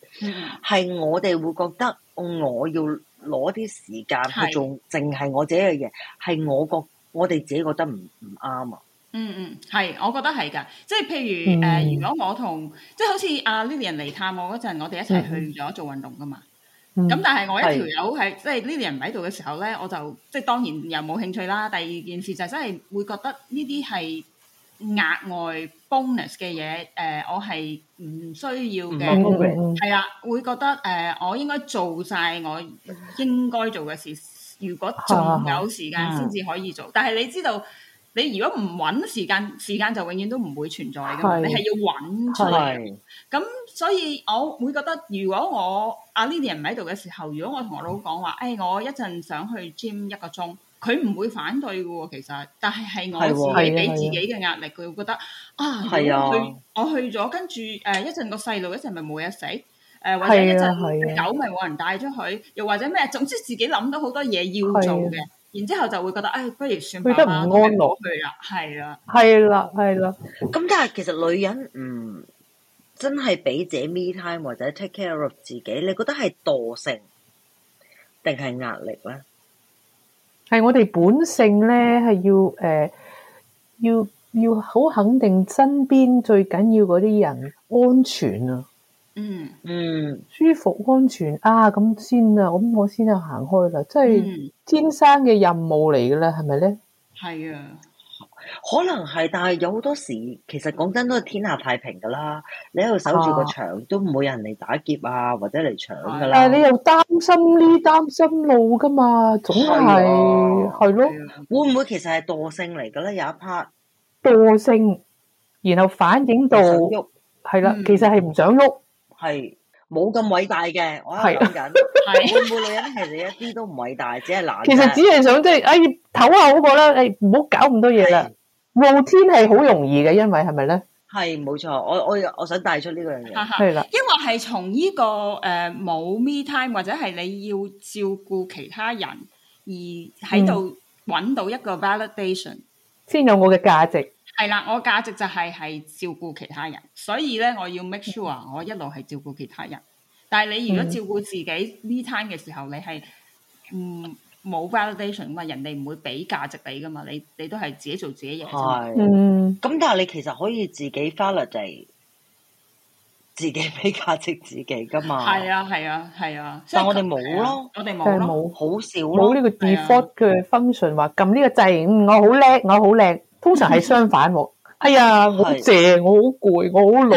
係、嗯、我哋會覺得我要攞啲時間去做，淨係我自己嘅嘢，係是我覺我哋自己覺得唔唔啱啊？嗯嗯，係，我覺得係噶，即係譬如誒、嗯呃，如果我同即係好似阿 Lilian 嚟探我嗰陣，我哋一齊去咗、嗯、做運動噶嘛。咁、嗯嗯、但係我一條友係即係呢啲人唔喺度嘅時候咧，我是就即係當然又冇興趣啦。第二件事就係真係會覺得呢啲係額外 bonus 嘅嘢，誒我係唔需要嘅。係啦，會覺得誒、呃我，啊呃、我應該做晒我應該做嘅事，如果仲有時間先至可以做。 但係你知道。你如果唔揾時間，時間就永遠都唔會存在噶嘛。是你係要揾出嚟。咁的所以，我會覺得，如果我阿 Lilian 喺度嘅時候，如果我同我老公講話，我一陣想去 gym 一個鐘，佢唔會反對嘅喎。其實，但係係我自己俾自己嘅壓力，佢會覺得啊，係啊，去我去咗，跟住誒、呃、一陣個細路一陣咪冇嘢食，誒、呃、或者一陣狗咪冇人帶咗佢，又或者咩，總之自己諗到好多嘢要做嘅。然之後就會覺得，唉、哎，不如算吧。佢得唔安樂佢啦，係啦，係啦，係啦。咁但係其實女人唔、嗯、真係俾自己 me time 或者 take care of 自己，你覺得係惰性定係壓力咧？係我哋本性咧，係要誒、呃、要要好肯定身邊最緊要嗰啲人安全啊。嗯嗯，舒服安全啊，咁先，我我先是是啊，咁我先就行開啦，即係天生嘅任務嚟嘅啦，係咪咧？係啊，可能係，但係有好多時，其實講真都係天下太平噶啦，你喺度守住個牆，啊、都唔會有人嚟打劫啊，或者嚟搶噶啦。但係、啊、你又擔心呢，擔心路噶嘛，總係係咯，會唔會其實係惰性嚟噶咧？有一 part 惰性，然後反映到係啦，其實係唔想喐。嗯係冇咁偉大嘅，啊、我係諗緊，冇冇、啊、女人係你一啲都唔偉大， 只係難。其實只係想即係、就是，哎，唞下好過，啦，你唔好搞咁多嘢啦。啊、露天係好容易嘅，因為係咪咧？係冇錯，我我我想帶出呢個樣嘢。係啦、啊啊，因為係從呢個誒冇、呃、Me Time，或者係你要照顧其他人，而喺度搵到一個 validation，、嗯、先有我嘅價值。係啦，我價值就係、是、係照顧其他人，所以咧，我要 make sure 我一路係照顧其他人。但係你如果照顧自己呢餐嘅時候，你係嗯冇 validation 嘛？人哋唔會俾價值你噶嘛？你你都係自己做自己嘢。係。咁、嗯、但係你其實可以自己 validate 嚟，自己俾價值自己噶嘛？係啊，係啊，係啊，啊。但係我哋冇咯，啊、我哋冇咯，好少冇呢個 default 嘅 function 話撳呢個掣，我好叻，我好叻。通常係相反喎，哎呀，我好正，我好攰，我好老，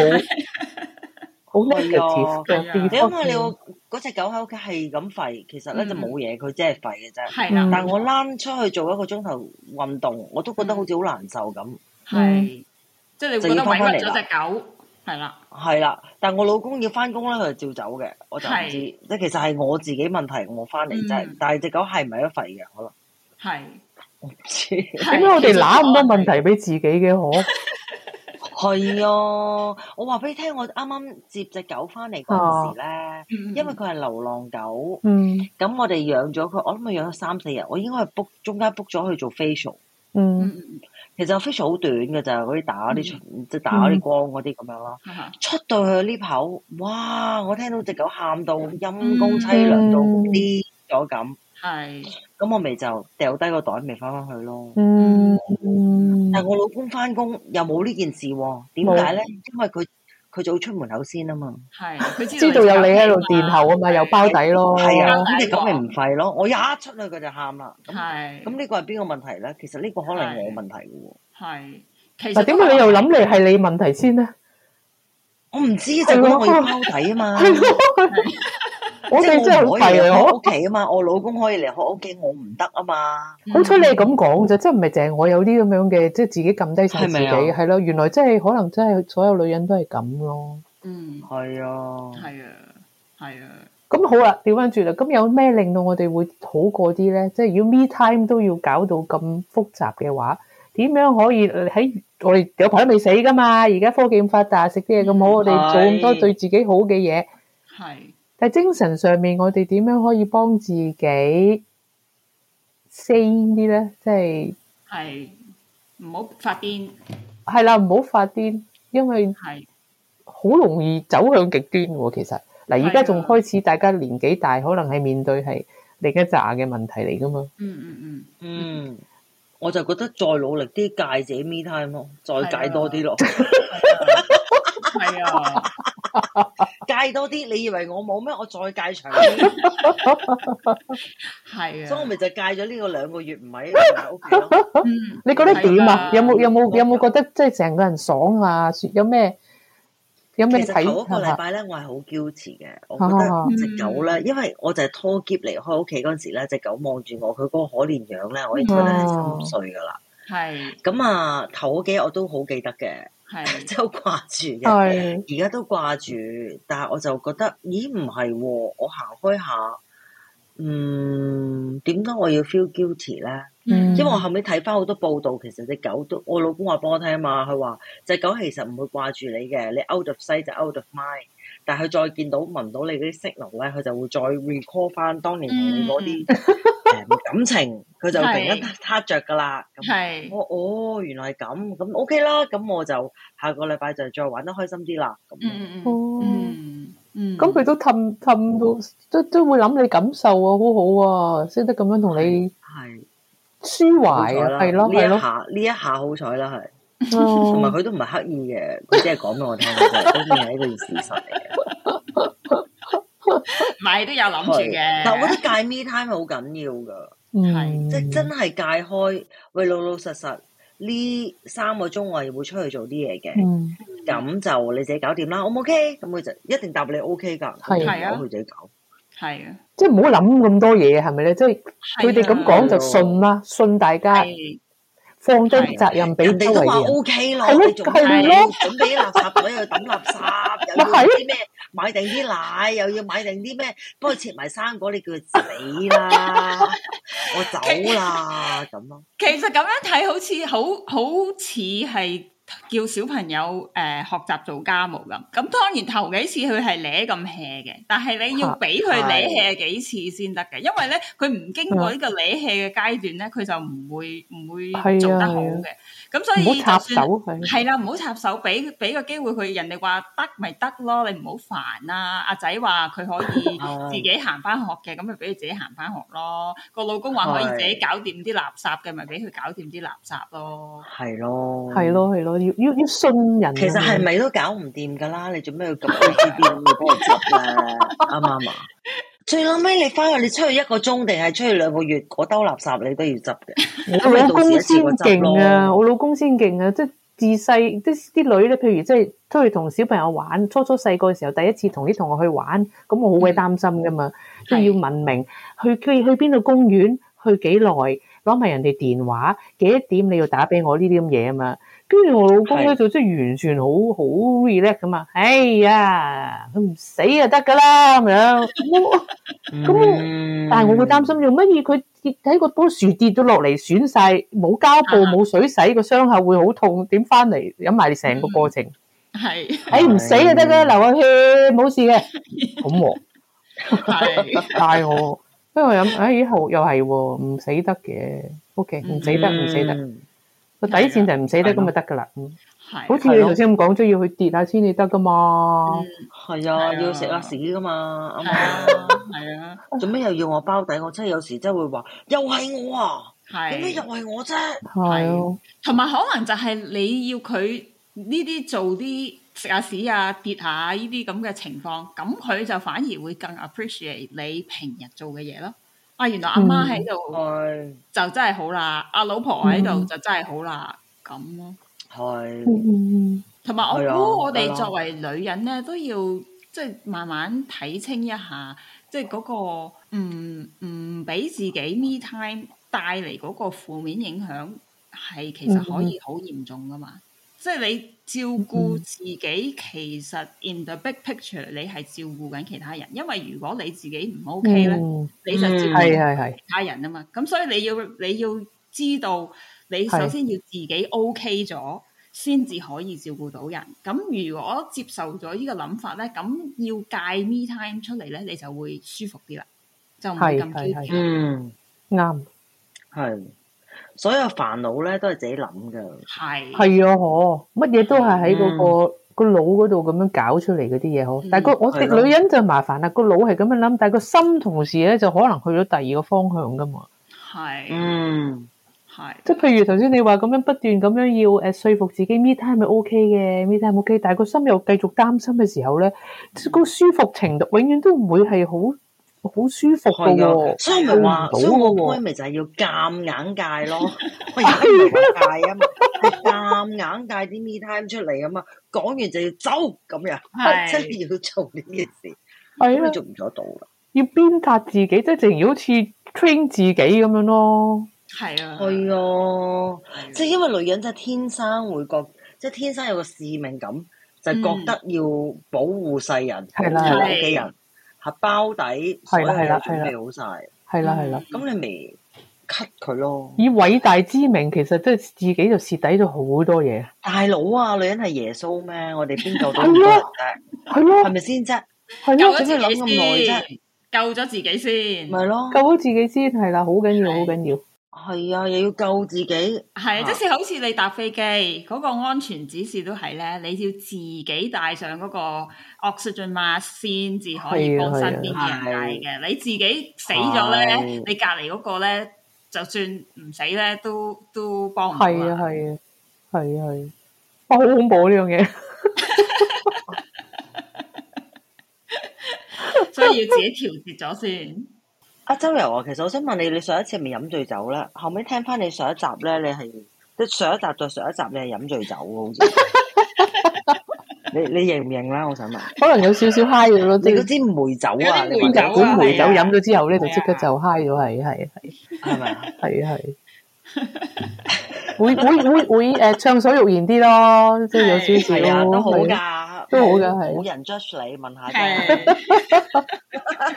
好 negative 嘅地方。你諗下，你嗰隻狗喺屋企係咁吠，其實咧就冇嘢，佢只係吠嘅啫。係啦，但我躝出去做一個鐘頭運動，我都覺得好似好難受咁。係，即係你會覺得委屈咗隻狗？係啦，係啦，但係我老公要翻工咧，佢就照走嘅，我就唔知。即係其實係我自己問題，我翻嚟真係，但係隻狗係唔係都吠嘅可能。係。唔知，點解我哋攬咁多問題俾自己嘅可？係 啊，我話俾你聽，我啱啱接隻狗翻嚟嗰陣時咧，因為佢係流浪狗，咁、啊嗯、我哋養咗佢，我諗佢養咗三四日，我應該係 book 中間 book 咗去做 facial。嗯嗯嗯，其實 facial 好短噶咋，嗰啲打啲即係打啲光嗰啲咁樣咯。啊嗯、出到去呢口，哇！我聽到隻狗喊到陰公凄涼到癲咗咁。係，咁我咪就掉低個袋，咪翻翻去咯。嗯，但係我老公翻工又冇呢件事喎，點解咧？因為佢佢早出門口先啊嘛。係，佢知道有你喺度墊後啊嘛，又包底咯。係啊，咁你咁咪唔費咯。我一出去佢就喊啦。係。咁呢個係邊個問題咧？其實呢個可能我問題嘅喎。係，其實。但係點解你又諗嚟係你問題先咧？我唔知，正因為我要包底啊嘛。我哋真係好弊啊！我屋企啊嘛，我老公可以離開屋企，我唔得啊嘛。好彩你咁講啫，即係唔係淨係我有啲咁樣嘅，即係自己撳低曬自己。係咯，原來即係可能真係所有女人都係咁咯。嗯，係啊，係啊，係啊。咁好啦，調翻轉啦。咁有咩令到我哋會好過啲咧？即係要 Me Time 都要搞到咁複雜嘅話，點樣可以喺我哋有排都未死噶嘛？而家科技咁發達，食啲嘢咁好，我哋做咁多對自己好嘅嘢。係。但係精神上面，我哋點樣可以幫自己 sane 啲咧？即係，係唔好發癲，係啦，唔好發癲，因為係好容易走向極端嘅。其實嗱，而家仲開始，大家年紀大，可能係面對係另一紮嘅問題嚟噶嘛。嗯嗯嗯嗯，我就覺得再努力啲戒者 me time 咯，再戒多啲咯。係啊。 戒多啲，你以為我冇咩？我再戒長啲，係啊， 的 所以我咪就戒咗呢個兩個月，唔喺屋企咯。你覺得點啊？ 有冇有冇有冇覺得即係成個人爽啊？有咩有咩睇啊？頭嗰個禮拜咧，我係好 guilty 嘅。我覺得隻狗咧，因為我就係拖篋離開屋企嗰陣時咧，隻狗望住我，佢嗰個可憐樣咧，我已經覺得係心碎噶啦。係咁 啊，頭嗰幾日我都好記得嘅。即係掛住嘅，而家 是都掛住，但係我就覺得，咦唔係喎，我行開下，嗯，點解我要 feel guilty 咧？嗯、因為我後尾睇翻好多報道，其實隻狗都，我老公話俾我聽嘛，佢話隻狗其實唔會掛住你嘅，你 out of sight 就 out of mind。但係佢再見到聞到你嗰啲色濃咧，佢就會再 recall 翻當年同你嗰啲感情，佢就突然間撻著噶啦。係哦，原來係咁，咁 OK 啦，咁我就下個禮拜就再玩得開心啲啦。咁嗯嗯嗯，咁佢都氹氹到，都都會諗你感受啊，好好啊，識得咁樣同你係舒懷啊，係咯係咯，呢一下呢一下好彩啦，係。同埋佢都唔係刻意嘅，佢只係講俾我聽嘅，都係一個事實嚟嘅。唔係都有諗住嘅。嗱，我覺得戒 me time 好緊要噶，係即係真係戒開喂，老老實實呢三個鐘我係會出去做啲嘢嘅。咁就你自己搞掂啦，O 唔 O K？咁佢就一定答你 O K 噶，唔講佢自己搞。係啊，即係唔好諗咁多嘢，係咪咧？即係佢哋咁講就信啦，信大家。放咗啲責任俾你為人，係咯，準備啲垃圾袋去抌垃圾，又買啲咩買定啲奶，又要買定啲咩，幫佢切埋生果，你叫佢死啦，我走啦咁咯。其實咁樣睇好似好好似係。叫小朋友誒學習做家務咁，咁當然頭幾次佢係攣咁 hea 嘅，但係你要俾佢攣 hea 幾次先得嘅，因為咧佢唔經過呢個攣 hea 嘅階段咧，佢就唔會唔會做得好嘅。咁所以就算係啦，唔好插手，俾俾個機會佢。人哋話得咪得咯，你唔好煩啊！阿仔話佢可以自己行翻學嘅，咁咪俾佢自己行翻學咯。個老公話可以自己搞掂啲垃圾嘅，咪俾佢搞掂啲垃圾咯。係咯。係咯，係咯。要要要信人。其實係咪都搞唔掂噶啦？你做咩要咁 A C D 咁樣幫我執咧？啱唔啱啊？最後屘你翻去，你出去一個鐘定係出去兩個月，我兜垃圾你都要執嘅。我老公先勁啊！我老公先勁啊！即係自細，即係啲女咧，譬如即係出去同小朋友玩，初初細個嘅時候，第一次同啲同學去玩，咁我好鬼擔心噶嘛。即係要文明去去去邊度公園，去幾耐攞埋人哋電話，幾多點你要打俾我，呢啲咁嘢，啊嘛。跟住我老公咧，就真係完全好好 relax 噶嘛，哎呀，佢唔死就得㗎啦咁樣，咁，但係我會擔心用乜嘢佢跌喺個樹跌咗落嚟，損晒冇膠布冇水洗個傷口會好痛，點返嚟飲埋你成個過程。係，哎唔死就得㗎，流下血冇事嘅，咁喎，帶我，所以我諗，哎以後又係喎，唔死得嘅，O K 唔死得唔死得。個底線就唔死得，咁就得噶啦，好似你頭先咁講咗，要去跌下先至得噶嘛，係啊，要食下屎噶嘛，係啊，做咩又要我包底？我真係有時真係會話，又係我啊，咁咩又係我啫？係咯，同埋可能就係你要佢呢啲做啲食下屎啊跌下呢啲咁嘅情況，咁佢就反而會更 appreciate 你平日做嘅嘢咯。啊！原來阿媽喺度就真係好啦，阿、嗯、老婆喺度就真係好啦，咁咯。係，同埋我估我哋作為女人呢，都要即係慢慢睇清一下，即係嗰個唔唔俾自己 me time 帶嚟嗰個負面影響，係其實可以好嚴重㗎嘛。嗯即係你照顧自己，其實 in the big picture 你係照顧緊其他人，因為如果你自己唔 OK 咧，你就照顧唔到其他人啊嘛。咁所以你要你要知道，你首先要自己 OK 咗，先至可以照顧到人。咁如果接受咗呢個諗法咧，咁要界 me time 出嚟咧，你就會舒服啲啦，就唔會咁焦。嗯，啱。係。所有煩惱咧，都係自己諗噶。係係啊，嗬！乜嘢都係喺嗰個個腦嗰度咁樣搞出嚟嗰啲嘢，嗬！但係個我哋女人就麻煩啦，個腦係咁樣諗，但係個心同時咧就可能去咗第二個方向噶嘛。係嗯，係。即係譬如頭先你話咁樣不斷咁樣要誒説服自己，Me time 係咪 OK 嘅？Me time 係冇 OK，但係個心又繼續擔心嘅時候咧，個舒服程度永遠都唔會係好。好舒服噶，所以咪話，所以我開咪就係要夾眼界咯。我而家唔係夾啊嘛，夾眼界啲 me time 出嚟啊嘛，講完就要走咁樣，即係要做呢件事，我都做唔咗到啦。要鞭撻自己，即係正如好似 train 自己咁樣咯。係啊，係啊，即係因為女人即係天生會覺，即係天生有個使命感，就係覺得要保護世人同屋企人。係包底，所有嘢準備好晒，係啦係啦。咁你咪 cut 佢咯。以偉大之名，其實即係自己就蝕底咗好多嘢。大佬啊，女人係耶穌咩？我哋邊救到咁多人？係係咪先啫？係啊，做咩諗咁耐啫？救咗自己先，咪咯，救咗自己先，係啦，好緊要，好緊要。係啊，又要救自己。係、啊，即使好似你搭飛機嗰、嗰個安全指示都係咧，你要自己帶上嗰個 oxygen mask 先，至可以幫身邊嘅人帶嘅。啊啊啊啊、你自己死咗咧，啊、你隔籬嗰個咧，就算唔死咧，都都幫唔到。係啊，係啊，係啊，係啊，好恐怖呢樣嘢， 所以要自己調節咗先。周游啊，其實我想問你，你上一次係咪飲醉酒咧？後尾聽翻你上一集咧，你係即上一集再上一集，一集一集你係飲醉酒嘅。好似你你認唔認啦？我想問，可能有少少嗨咗咯，即係嗰啲梅酒啊，你話古、啊、梅酒飲咗之後咧，的就即刻就嗨咗，係系系係咪啊？係啊係，會會會會誒，暢、呃、所欲言啲咯，即係有少少啊，都好噶。 都好嘅，係冇人 judge 你，問下啫。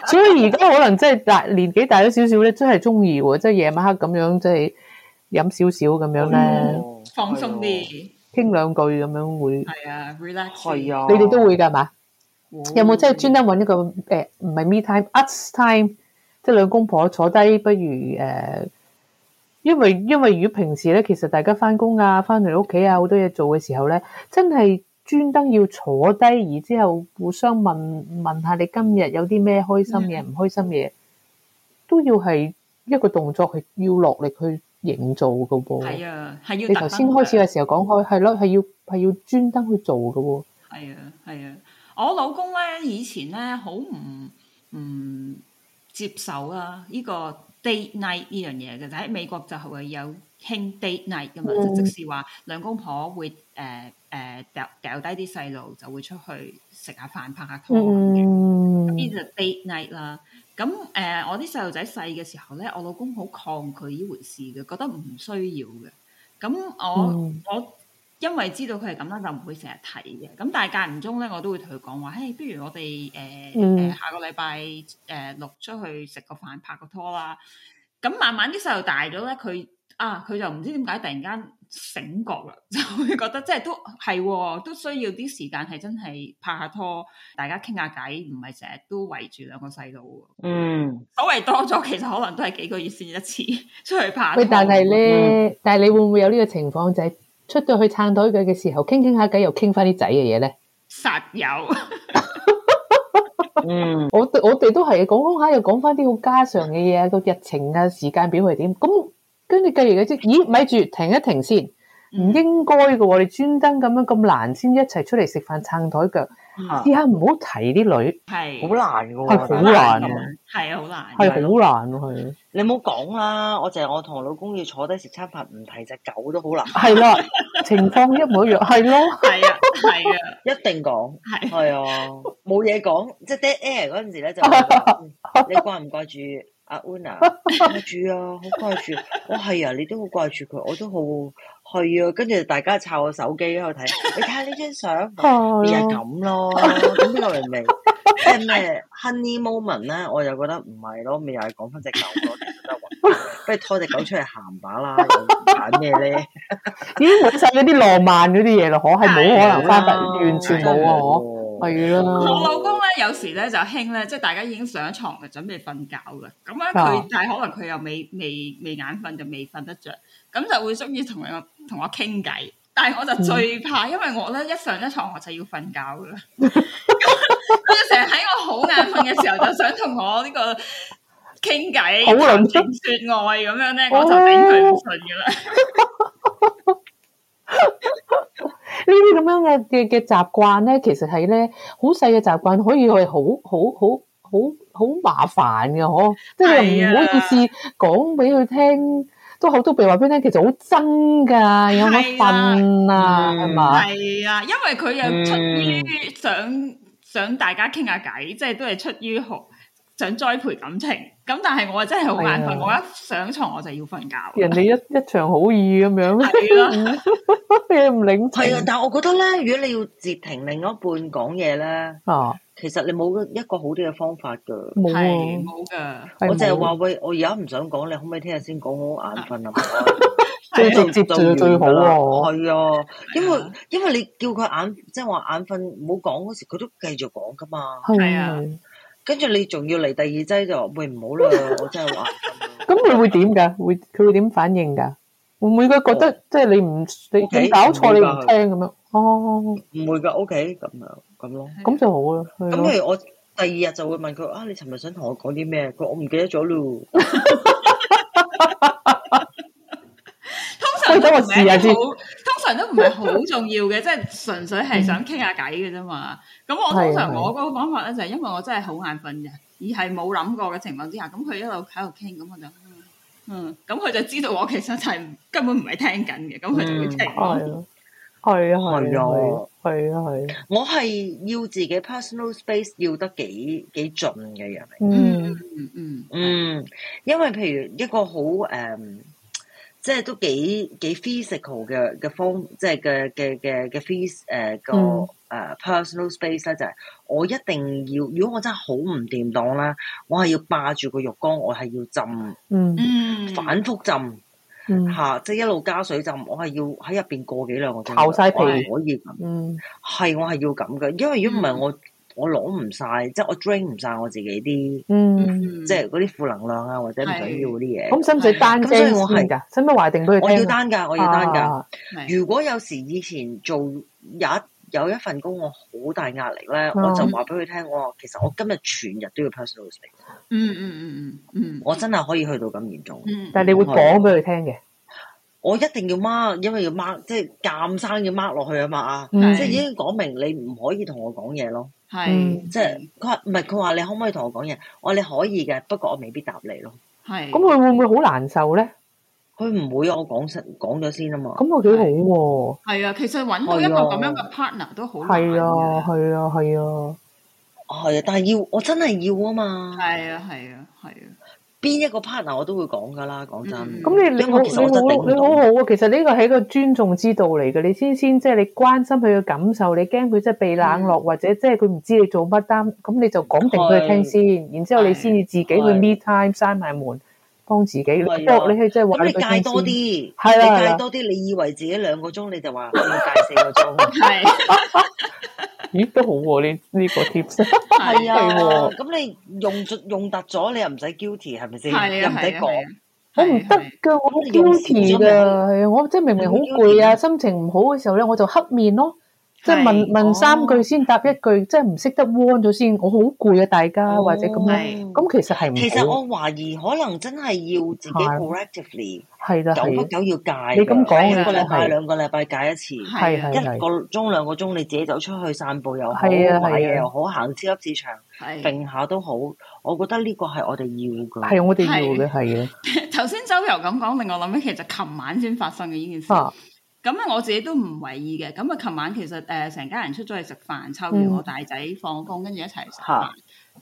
所以而家可能即係大年紀大咗少少咧，真係中意喎，即係夜晚黑咁樣，即係飲少少咁樣咧，放鬆啲，傾兩句咁樣會。係啊，relax。係啊，你哋都會㗎嘛？有冇即係專登揾一個誒？唔係 me time，us time，即係兩公婆坐低，不如誒？因為因為如果平時咧，其實大家翻工啊，翻嚟屋企啊，好多嘢做嘅時候咧，真係。專登要坐低，然之後互相問問下你今日有啲咩開心嘢、唔開心嘢，的都要係一個動作，係要落力去營造嘅噃。係啊，係要你頭先開始嘅時候講開，係咯，係要係要專登去做嘅喎。係啊，係啊，我老公咧以前咧好唔唔接受啊。呢、呢個 date night 呢樣嘢嘅，喺美國就係會有。興 date night 噶、right? 嘛、mm.，即係話兩公婆會誒誒掉掉低啲細路，呃呃、就會出去食下飯、拍下拖，跟住、mm. 就 date night 啦。咁誒、呃，我啲細路仔細嘅時候咧，我老公好抗拒呢回事嘅，覺得唔需要嘅。咁我、mm. 我因為知道佢係咁樣，就唔會成日睇嘅。咁但係間唔中咧，我都會同佢講話，誒，不如我哋誒誒下個禮拜誒六出去食個飯、拍個拖啦。咁慢慢啲細路大咗咧，佢。啊！佢就唔知點解突然間醒覺啦，就會覺得即係都係都需要啲時間，係真係拍下拖，大家傾下偈，唔係成日都圍住兩個細路。嗯，所謂多咗，其實可能都係幾個月先一次出去拍。但係咧，嗯、但係你會唔會有呢個情況，就係、是、出到去撐台腳嘅時候，傾傾下偈，又傾翻啲仔嘅嘢咧？實有。 嗯，我我哋都係講講下，又講翻啲好家常嘅嘢，個日程啊、時間表係點咁。跟住繼而，嗰啲，咦咪住停一停先，唔應該嘅喎，你專登咁樣咁難先一齊出嚟食飯撐台腳，試下唔好提啲女，係好難嘅喎，係好難，係啊好難，係好難喎係，你冇講啦，我淨係我同老公要坐低食餐飯，唔提隻狗都好難，係啦，情況一模一樣，係咯，係啊，係啊，一定講，係啊，冇嘢講，即係 dead air 嗰陣時咧就，你掛唔掛住？阿 Una 掛住啊，好掛住。我係啊，你都好掛住佢，我都好係啊。跟住大家抄我手機喺度睇，你睇下呢張相，係咁咯。咁後明明，即係咩？Honey moment 咧，我又覺得唔係咯，咪又係講翻隻狗咯。不如拖隻狗出嚟行把啦，玩咩咧？咦，冇晒嗰啲浪漫嗰啲嘢咯，可係冇可能翻嚟，完全冇啊，可係啦。有時咧，就興咧，即係大家已經上咗床就準備瞓覺嘅，咁咧佢但係、啊、可能佢又未未未眼瞓，就未瞓得着，咁就會中意同我同我傾偈。但係我就最怕，因為我咧一上咗床我就要瞓覺啦。咁佢成日喺我好眼瞓嘅時候，就想同我呢個傾偈，好論情說愛咁樣咧，我就頂佢唔順噶啦。 這這呢啲咁樣嘅嘅嘅習慣咧，其實係咧好細嘅習慣，可以去好好好好好麻煩嘅，嗬、就是，即係唔好意思講俾佢聽，都好多被話俾佢聽，其實好真噶，有乜瞓啊？係、嗯、咪？係吧啊，因為佢又出於想、嗯、想大家傾下偈，即、就、係、是、都係出於好。想栽培感情，咁但係我真係好眼瞓，我一上床我就要瞓覺。人哋一一場好意咁樣。係啊，你唔領情。係啊，但係我覺得咧，如果你要截停另一半講嘢咧，哦，其實你冇一個好啲嘅方法噶，冇冇噶。我淨係話喂，我而家唔想講，你可唔可以聽日先講？我眼瞓啊，即係接唔接到最最好咯。係啊，因為因為你叫佢眼，即係話眼瞓，唔好講嗰時，佢都繼續講噶嘛。係啊。跟住你仲要嚟第二劑就，喂唔好啦， 我真係話。咁 你會點噶？會佢會點反應噶？會唔會佢覺得即係 你唔你搞錯你唔聽咁的樣？哦，唔會噶，OK，咁樣咁咯，咁 就好啦。咁譬如我第二日就會問佢啊，你尋日想同我講啲咩？佢我唔記得咗咯。都我名又好，通常都唔係好重要嘅，即係純粹係想傾下偈嘅啫嘛。咁我通常我嗰個方法咧，就係因為我真係好眼瞓嘅，而係冇諗過嘅情況之下，咁佢一路喺度傾，咁我就，嗯，咁佢就知道我其實就係根本唔係聽緊嘅，咁佢就會聽。係啊，係啊，係啊，係。我係要自己 personal space，要得幾幾盡嘅樣。嗯嗯嗯嗯，因為譬如一個好誒。即係都幾幾 physical 嘅嘅方，即係嘅嘅嘅嘅 phys 誒個誒 personal space 咧，就係我一定要，如果我真係好唔掂當啦，我係要霸住個浴缸，我係要浸，嗯，反覆浸，嚇、嗯，即係、係、一路加水浸，我係要喺入邊個幾兩個鐘，泡曬皮可以，嗯，係我係要咁嘅，因為如果唔係我。嗯我我攞唔晒，即係我 drain 唔晒我自己啲，即係嗰啲負能量啊，或者唔想要嗰啲嘢。咁使唔使單所以我係噶，使唔使話定佢？我要單噶，我要單噶。如果有時以前做有有一份工，我好大壓力咧，我就話俾佢聽，我話其實我今日全日都要 personal space。嗯嗯嗯嗯嗯，我真係可以去到咁嚴重。但係你會講俾佢聽嘅，我一定要 mark，因為要 mark，即係夾硬生要 mark 落去啊嘛啊！即係已經講明你唔可以同我講嘢咯。係是、嗯，即係佢話唔係，佢話你可唔可以同我講嘢？我話你可以嘅，不過我未必答你咯。係是。咁佢會唔會好難受咧？佢唔會，我講成講咗先啊嘛。咁我幾好喎，啊！係啊，其實揾到一個咁樣嘅 partner 都好係啊，係啊，係啊，係啊，啊，啊，但係要我真係要啊嘛。係啊，係啊。邊一個 partner 我都會講㗎啦，講真。咁你你好你好你好好啊。其實呢個係個尊重之道嚟嘅，你先先即係你關心佢嘅感受，你驚佢即係被冷落，或者即係佢唔知你做乜單，咁你就講定佢聽先，然之後你先至自己去 Me Time 閂埋門，幫自己。咁你戒多啲，你戒多啲，你以為自己兩個鐘你就話要戒四個鐘。咦，都好喎，呢呢個 tips，係啊，咁你用用達咗，你又唔使 guilty 係咪先？又唔使講，我唔得噶，我好 guilty 噶，我即係明明好攰啊，心情唔好嘅時候咧，我就黑面咯。即係問問三句先答一句，即係唔識得彎咗先。我好攰啊，大家或者咁樣，咁其實係冇。其實我懷疑可能真係要自己 correctively 久唔久要戒，一個禮拜兩個禮拜戒一次，一個鐘兩個鐘你自己走出去散步又好，買嘢又好，行超級市場定下都好。我覺得呢個係我哋要嘅。係我哋要嘅，係嘅。頭先周游咁講，令我諗起其實琴晚先發生嘅呢件事。咁咧我自己都唔為意嘅，咁啊琴晚其實誒成、呃、家人出咗去食飯，抽住我大仔放工，跟住、嗯、一齊食飯。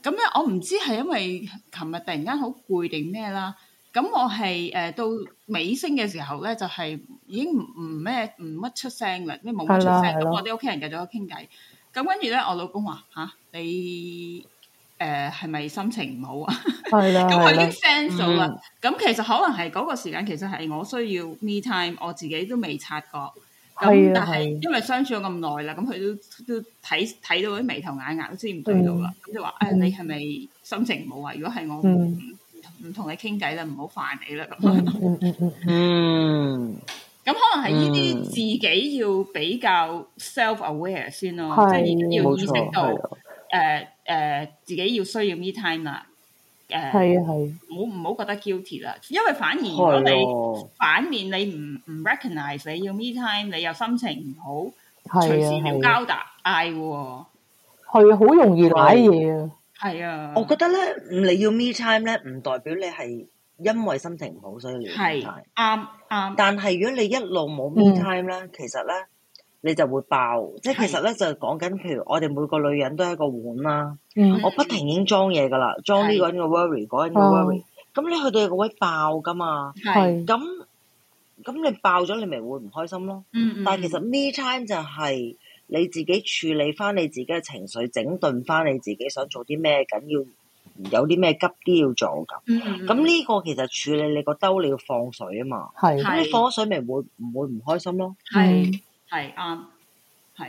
咁咧、啊、我唔知係因為琴日突然間好攰定咩啦，咁我係誒、呃、到尾聲嘅時候咧，就係、是、已經唔咩唔乜出聲啦，咩冇乜出聲。咁的我啲屋企人繼續傾偈，咁跟住咧我老公話吓、啊、你。誒，係咪心情唔好啊？係啦，咁我已經 send 咗啦。咁其實可能係嗰個時間，其實係我需要 me time，我自己都未察覺。咁但係因為相處咗咁耐啦，咁佢都都睇睇到佢眉頭眼額，都知唔對路啦。咁就話誒，你係咪心情唔好啊？如果係我唔同你傾偈啦，唔好煩你啦。咁嗯咁可能係呢啲自己要比較 self aware 先咯，即係要意識到誒。誒，自己要需要 me time 啦，誒，係啊係，唔好唔好覺得 guilty 啦，因為反而如果你反面你唔唔 recognize 你要 me time，你又心情唔好，隨時要交代，係好容易擺嘢啊，係啊，我覺得咧，你要 me time 咧，唔代表你係因為心情唔好所以要 me time，啱啱，但係如果你一路冇 me time 咧，其實咧。你就會爆，即係其實咧就講緊，譬如我哋每個女人都係一個碗啦，我不停已經裝嘢㗎喇，裝呢個人嘅 worry，嗰個人嘅 worry，咁你去到個位爆㗎嘛，咁咁你爆咗，你咪會唔開心咯。但係其實 me time 就係你自己處理返你自己嘅情緒，整頓返你自己想做啲咩緊要，有啲咩急啲要做咁。咁呢個其實處理你個兜你要放水吖嘛，咁你放咗水咪會唔會唔開心咯？係啱，係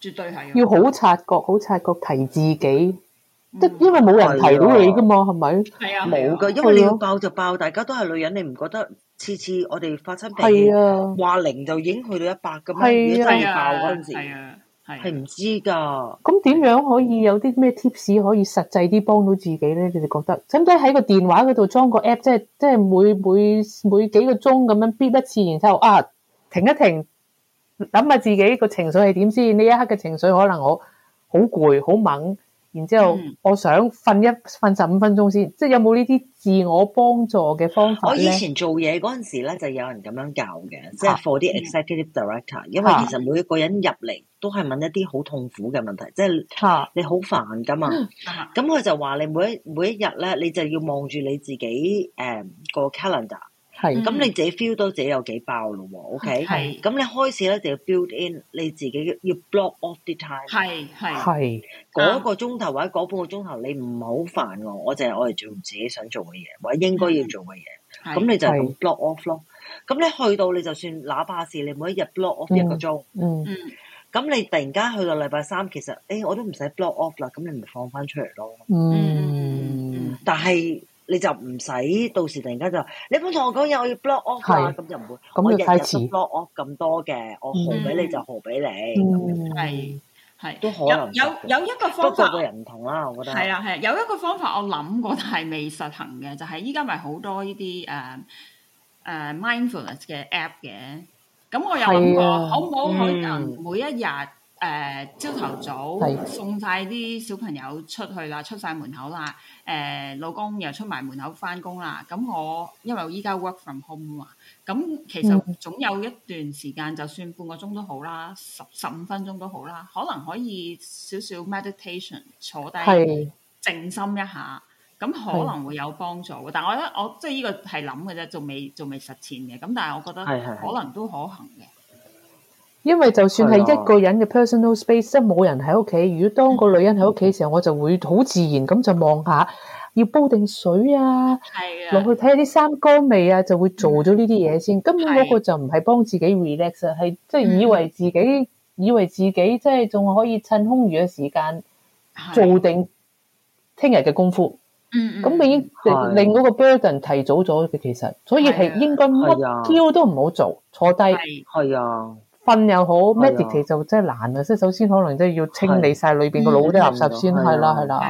絕對係要好察覺，好察覺提自己，即係因為冇人提到你噶嘛，係咪？係啊，冇噶，因為你要爆就爆，大家都係女人，你唔覺得次次我哋發親病，話零就已經去到一百噶嘛？如果真係爆嗰陣時，係啊，係唔知噶。咁點樣可以有啲咩 tips 可以實際啲幫到自己咧？你哋覺得使唔使喺個電話嗰度裝個 app？即係即係每每每幾個鐘咁樣 bid 一次，然之後啊停一停。諗下自己個情緒係點先？呢一刻嘅情緒可能我好攰、好猛，然之後我想瞓一瞓十五分鐘先。即係有冇呢啲自我幫助嘅方法咧？我以前做嘢嗰陣時咧，就有人咁樣教嘅，即係、啊、for 啲 executive director、嗯。因為其實每一個人入嚟都係問一啲好痛苦嘅問題，即係、啊、你好煩㗎嘛。咁佢、嗯嗯、就話你每一每一日咧，你就要望住你自己誒個 calendar。係，咁你自己 feel 到自己有幾包咯喎，OK？係，咁你開始咧就要 build in 你自己要 block offthe time。係係係，嗰一個鐘頭或者嗰半個鐘頭，你唔好煩我，我淨係我嚟做自己想做嘅嘢，或者應該要做嘅嘢。係係，咁你就係 block off 咯。咁你去到你就算，哪怕是你每一日 block off 一個鐘，嗯，咁你突然間去到禮拜三，其實，誒，我都唔使 block off 啦。咁你咪放翻出嚟咯。嗯，但係。你就唔使到時突然間就你唔好同我講嘢，我要 block off 咁係就唔會。開始我日日都 block off 咁多嘅，我號俾你就號俾你，咁、嗯、樣係都可能有有，有一個方法，各個人唔同啦，我覺得係啦，係。有一個方法我諗過，但係未實行嘅，就係依家咪好多呢啲誒誒，uh, uh, mindfulness 嘅 app 嘅。咁我有諗過，啊、好唔好每人每一日？嗯誒朝頭早，早的送晒啲小朋友出去啦，出晒門口啦。誒、呃、老公又出埋門口翻工啦。咁我因為我依家 work from home 啊嘛，咁其實總有一段時間，嗯、就算半個鐘都好啦，十十五分鐘都好啦，可能可以少少 meditation 坐低靜的心一下，咁可能會有幫助。的但係我覺得我即係呢個係諗嘅啫，仲未仲未實踐嘅。咁但係我覺得可能都可行嘅。因為就算係一個人嘅 personal space，即冇的人喺屋企。如果當個女人喺屋企嘅時候，我就會好自然咁就望下，要煲定水啊，落的去睇下啲衫乾未啊，就會做咗呢啲嘢先。根本嗰個就唔係幫自己 relax，係即係以為自己的以為自己即係仲可以趁空餘嘅時間做定聽日嘅功夫。嗯，咁你已經令嗰個 burden 提早咗嘅。其實所以係應該乜 q 都唔好做，坐低係啊。瞓又好，meditate 就真係難啊！即係、really 啊、首先可能即係要清理晒裏邊個腦啲垃圾先，係啦係啦。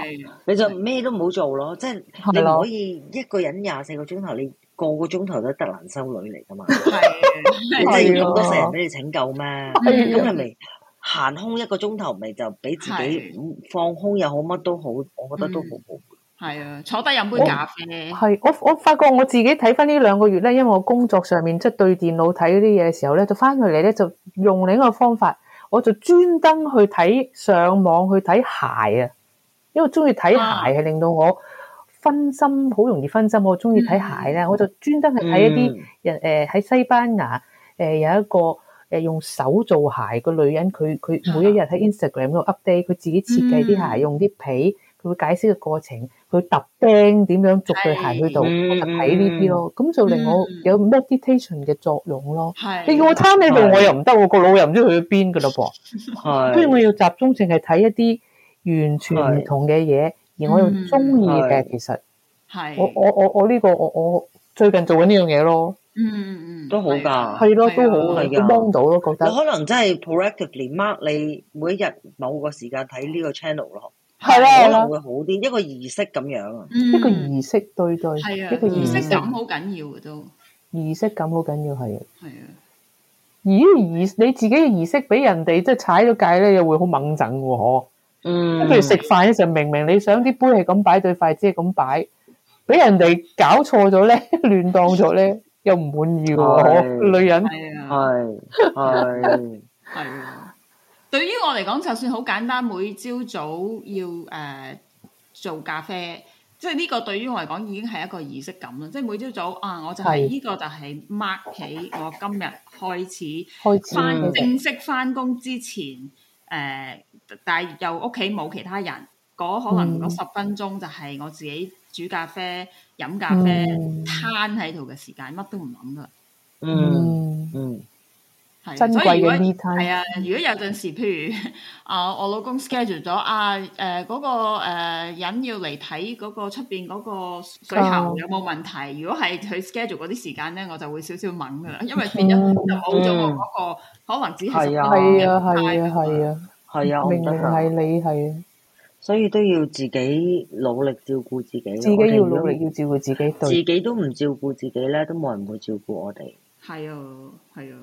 你就咩都唔好做咯，即係你可以一個人廿四個鐘頭，你個個鐘頭都德蘭修女嚟噶嘛？係啊，咁多世人俾你拯救咩？咁係咪行空一個鐘頭，咪就俾自己放空又好，乜都好，我覺得都好好。係啊，坐低飲杯咖啡。係，我我發覺我自己睇返呢兩個月咧，因為我工作上面即係對電腦睇嗰啲嘢嘅時候咧，就返佢嚟咧就用另一個方法，我就專登去睇上網去睇鞋啊，因為鍾意睇鞋係，啊、令到我分心，好容易分心。我鍾意睇鞋咧，嗯、我就專登去睇一啲人誒喺西班牙誒，呃、有一個誒用手做鞋嘅女人，佢佢每一日喺 Instagram 度 update，佢自己設計啲鞋，嗯、用啲皮。佢解釋嘅過程，佢揼釘點樣著對鞋去到，我就睇呢啲咯。咁就令我有 meditation 嘅作用咯。係，你叫我參你度我又唔得喎，個腦又唔知去咗邊噶嘞噃。係，所以我要集中淨係睇一啲完全唔同嘅嘢，而我又中意嘅其實係。我我我我呢個我我最近做緊呢樣嘢咯。嗯嗯嗯都好噶，係咯，都好，都幫到咯。覺得你可能真係 productively mark 你每一日某個時間睇呢個 channel 咯。係囉，可能會好啲，一個儀式咁樣，一個儀式對、對，一個儀式感好緊要嘅都，儀式感好緊要係啊。係啊，而儀你自己嘅儀式俾人哋即係踩咗界咧，又會好掹憎嘅嗬。嗯，譬如食飯嘅時候，明明你想啲杯係咁擺，對筷子係咁擺，俾人哋搞錯咗咧，亂當咗咧，又唔滿意嘅嗬。女人係、係、係。對於我嚟講，就算好簡單，每朝早要誒、呃、做咖啡，即係呢個對於我嚟講已經係一個儀式感啦。即係每朝早啊，我就係、是、呢是個就係 mark 起我今日開始翻正式翻工之前誒、呃，但係又屋企冇其他人，嗰可能嗰十分鐘就係我自己煮咖啡、飲咖啡、攤喺度嘅時間，乜都唔諗噶。嗯嗯。珍貴嘅呢啲 me time，係啊！如果有陣時，譬如啊，我老公 schedule 咗啊，誒，嗰個誒人要嚟睇嗰個出邊嗰個水喉有冇問題？如果係佢 schedule 嗰啲時間咧，我就會少少懵㗎啦，因為變咗就冇咗嗰個可能只係，係啊係啊係啊係啊，明明係你係啊，所以都要自己努力照顧自己，自己要努力要照顧自己，自己都唔照顧自己咧，都冇人會照顧我哋。係啊，係啊。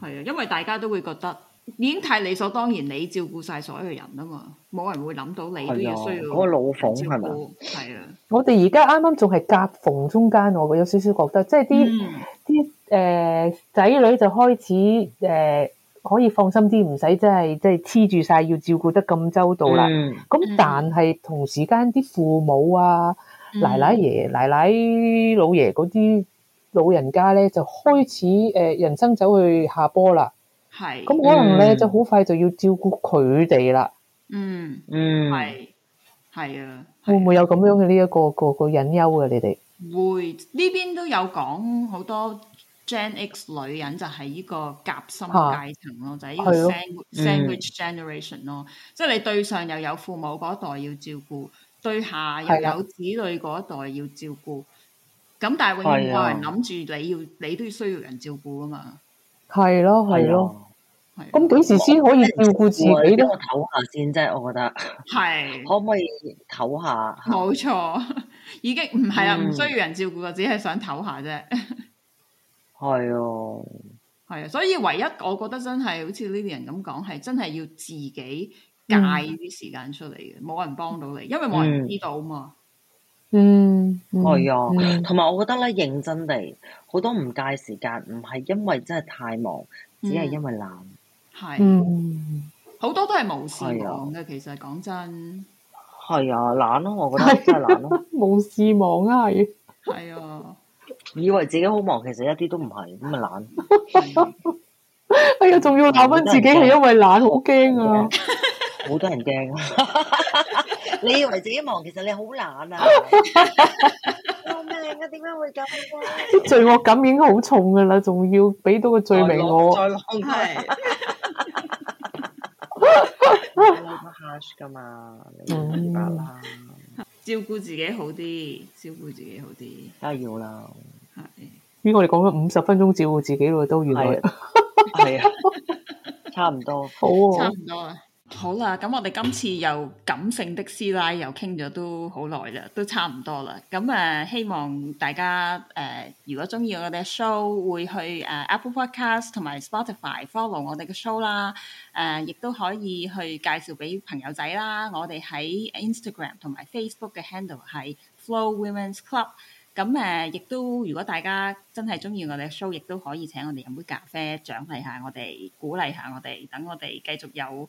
係啊， 因為大家都會覺得已經太理所當然，你照顧晒所有人啦嘛，冇人會諗到你都要需要、 那個、老照顧係咪，係啊。我哋而家啱啱仲係夾縫中間，我有少少覺得，即係啲啲誒仔女就開始誒、呃、可以放心啲，唔使即係即係黐住晒，ja ok、要照顧得咁周到啦。咁、嗯、但係同時間啲父母啊、嗯、奶奶爺、奶奶老爺嗰啲。老人家咧就開始誒人生走去下坡啦，係咁 可能咧、mm. 就好快就要照顧佢哋啦。嗯嗯，係係啊，會唔會有咁樣嘅呢一個個個隱憂嘅你哋？會呢邊都有講好多 Gen X 女人就係呢個夾心階層咯，就係呢個 sandwich generation 咯，即係你對上又有父母嗰代要照顧，對下又有子女嗰代要照顧。咁但係永遠有人諗住你要，啊、你都要需要人照顧噶嘛？係咯、啊，係咯、啊。係、啊。咁幾時先可以照顧自己都唞 下先？即係我覺得。係、 啊。啊、可唔可以唞下？冇錯，已經唔係啦，唔、嗯、需要人照顧噶，只係想唞下啫。係啊。係啊，所以唯一我覺得真係好似 Lilian 咁講，係真係要自己戒啲時間出嚟嘅，冇、嗯、人幫到你，因為冇人知道啊嘛。嗯嗯，係、嗯、啊，同埋我覺得咧，認真地好多唔計時間，唔係因為真係太忙，嗯、只係因為懶。係是，嗯，好多都係冇事啊。嘅，其實講真。係啊，懶咯、啊，我覺得真係懶咯、啊， 無事忙啊！係啊，以為自己好忙，其實一啲都唔係，咁咪懶。哎呀，仲要打翻自己係因為懶，好驚啊！好多人驚啊！ 你以為自己忙，其實你好懶啊！救 命啊！點解會咁、啊？ 罪惡感已經好重噶啦，仲要俾到個罪名我。再係。有個 h u s 啦。照顧自己好啲，照顧自己好啲。梗係要啦。依 我哋講咗五十分鐘照顧自己咯，都原來係啊， 差唔多。 好啊、哦， 差唔多啊。好啦，咁我哋今次又感性的師奶又傾咗都好耐啦，都差唔多啦。咁誒、呃，希望大家誒、呃，如果中意我哋嘅 show，會去誒、呃、Apple Podcast 同埋 Spotify follow 我哋嘅 show 啦。誒、呃，亦都可以去介紹俾朋友仔啦。我哋喺 Instagram 同埋 Facebook 嘅 handle 係 Flow Women's Club。咁誒、呃，亦都如果大家真係中意我哋嘅 show，亦都可以請我哋飲杯咖啡，獎勵下我哋，鼓勵下我哋，等我哋繼續有。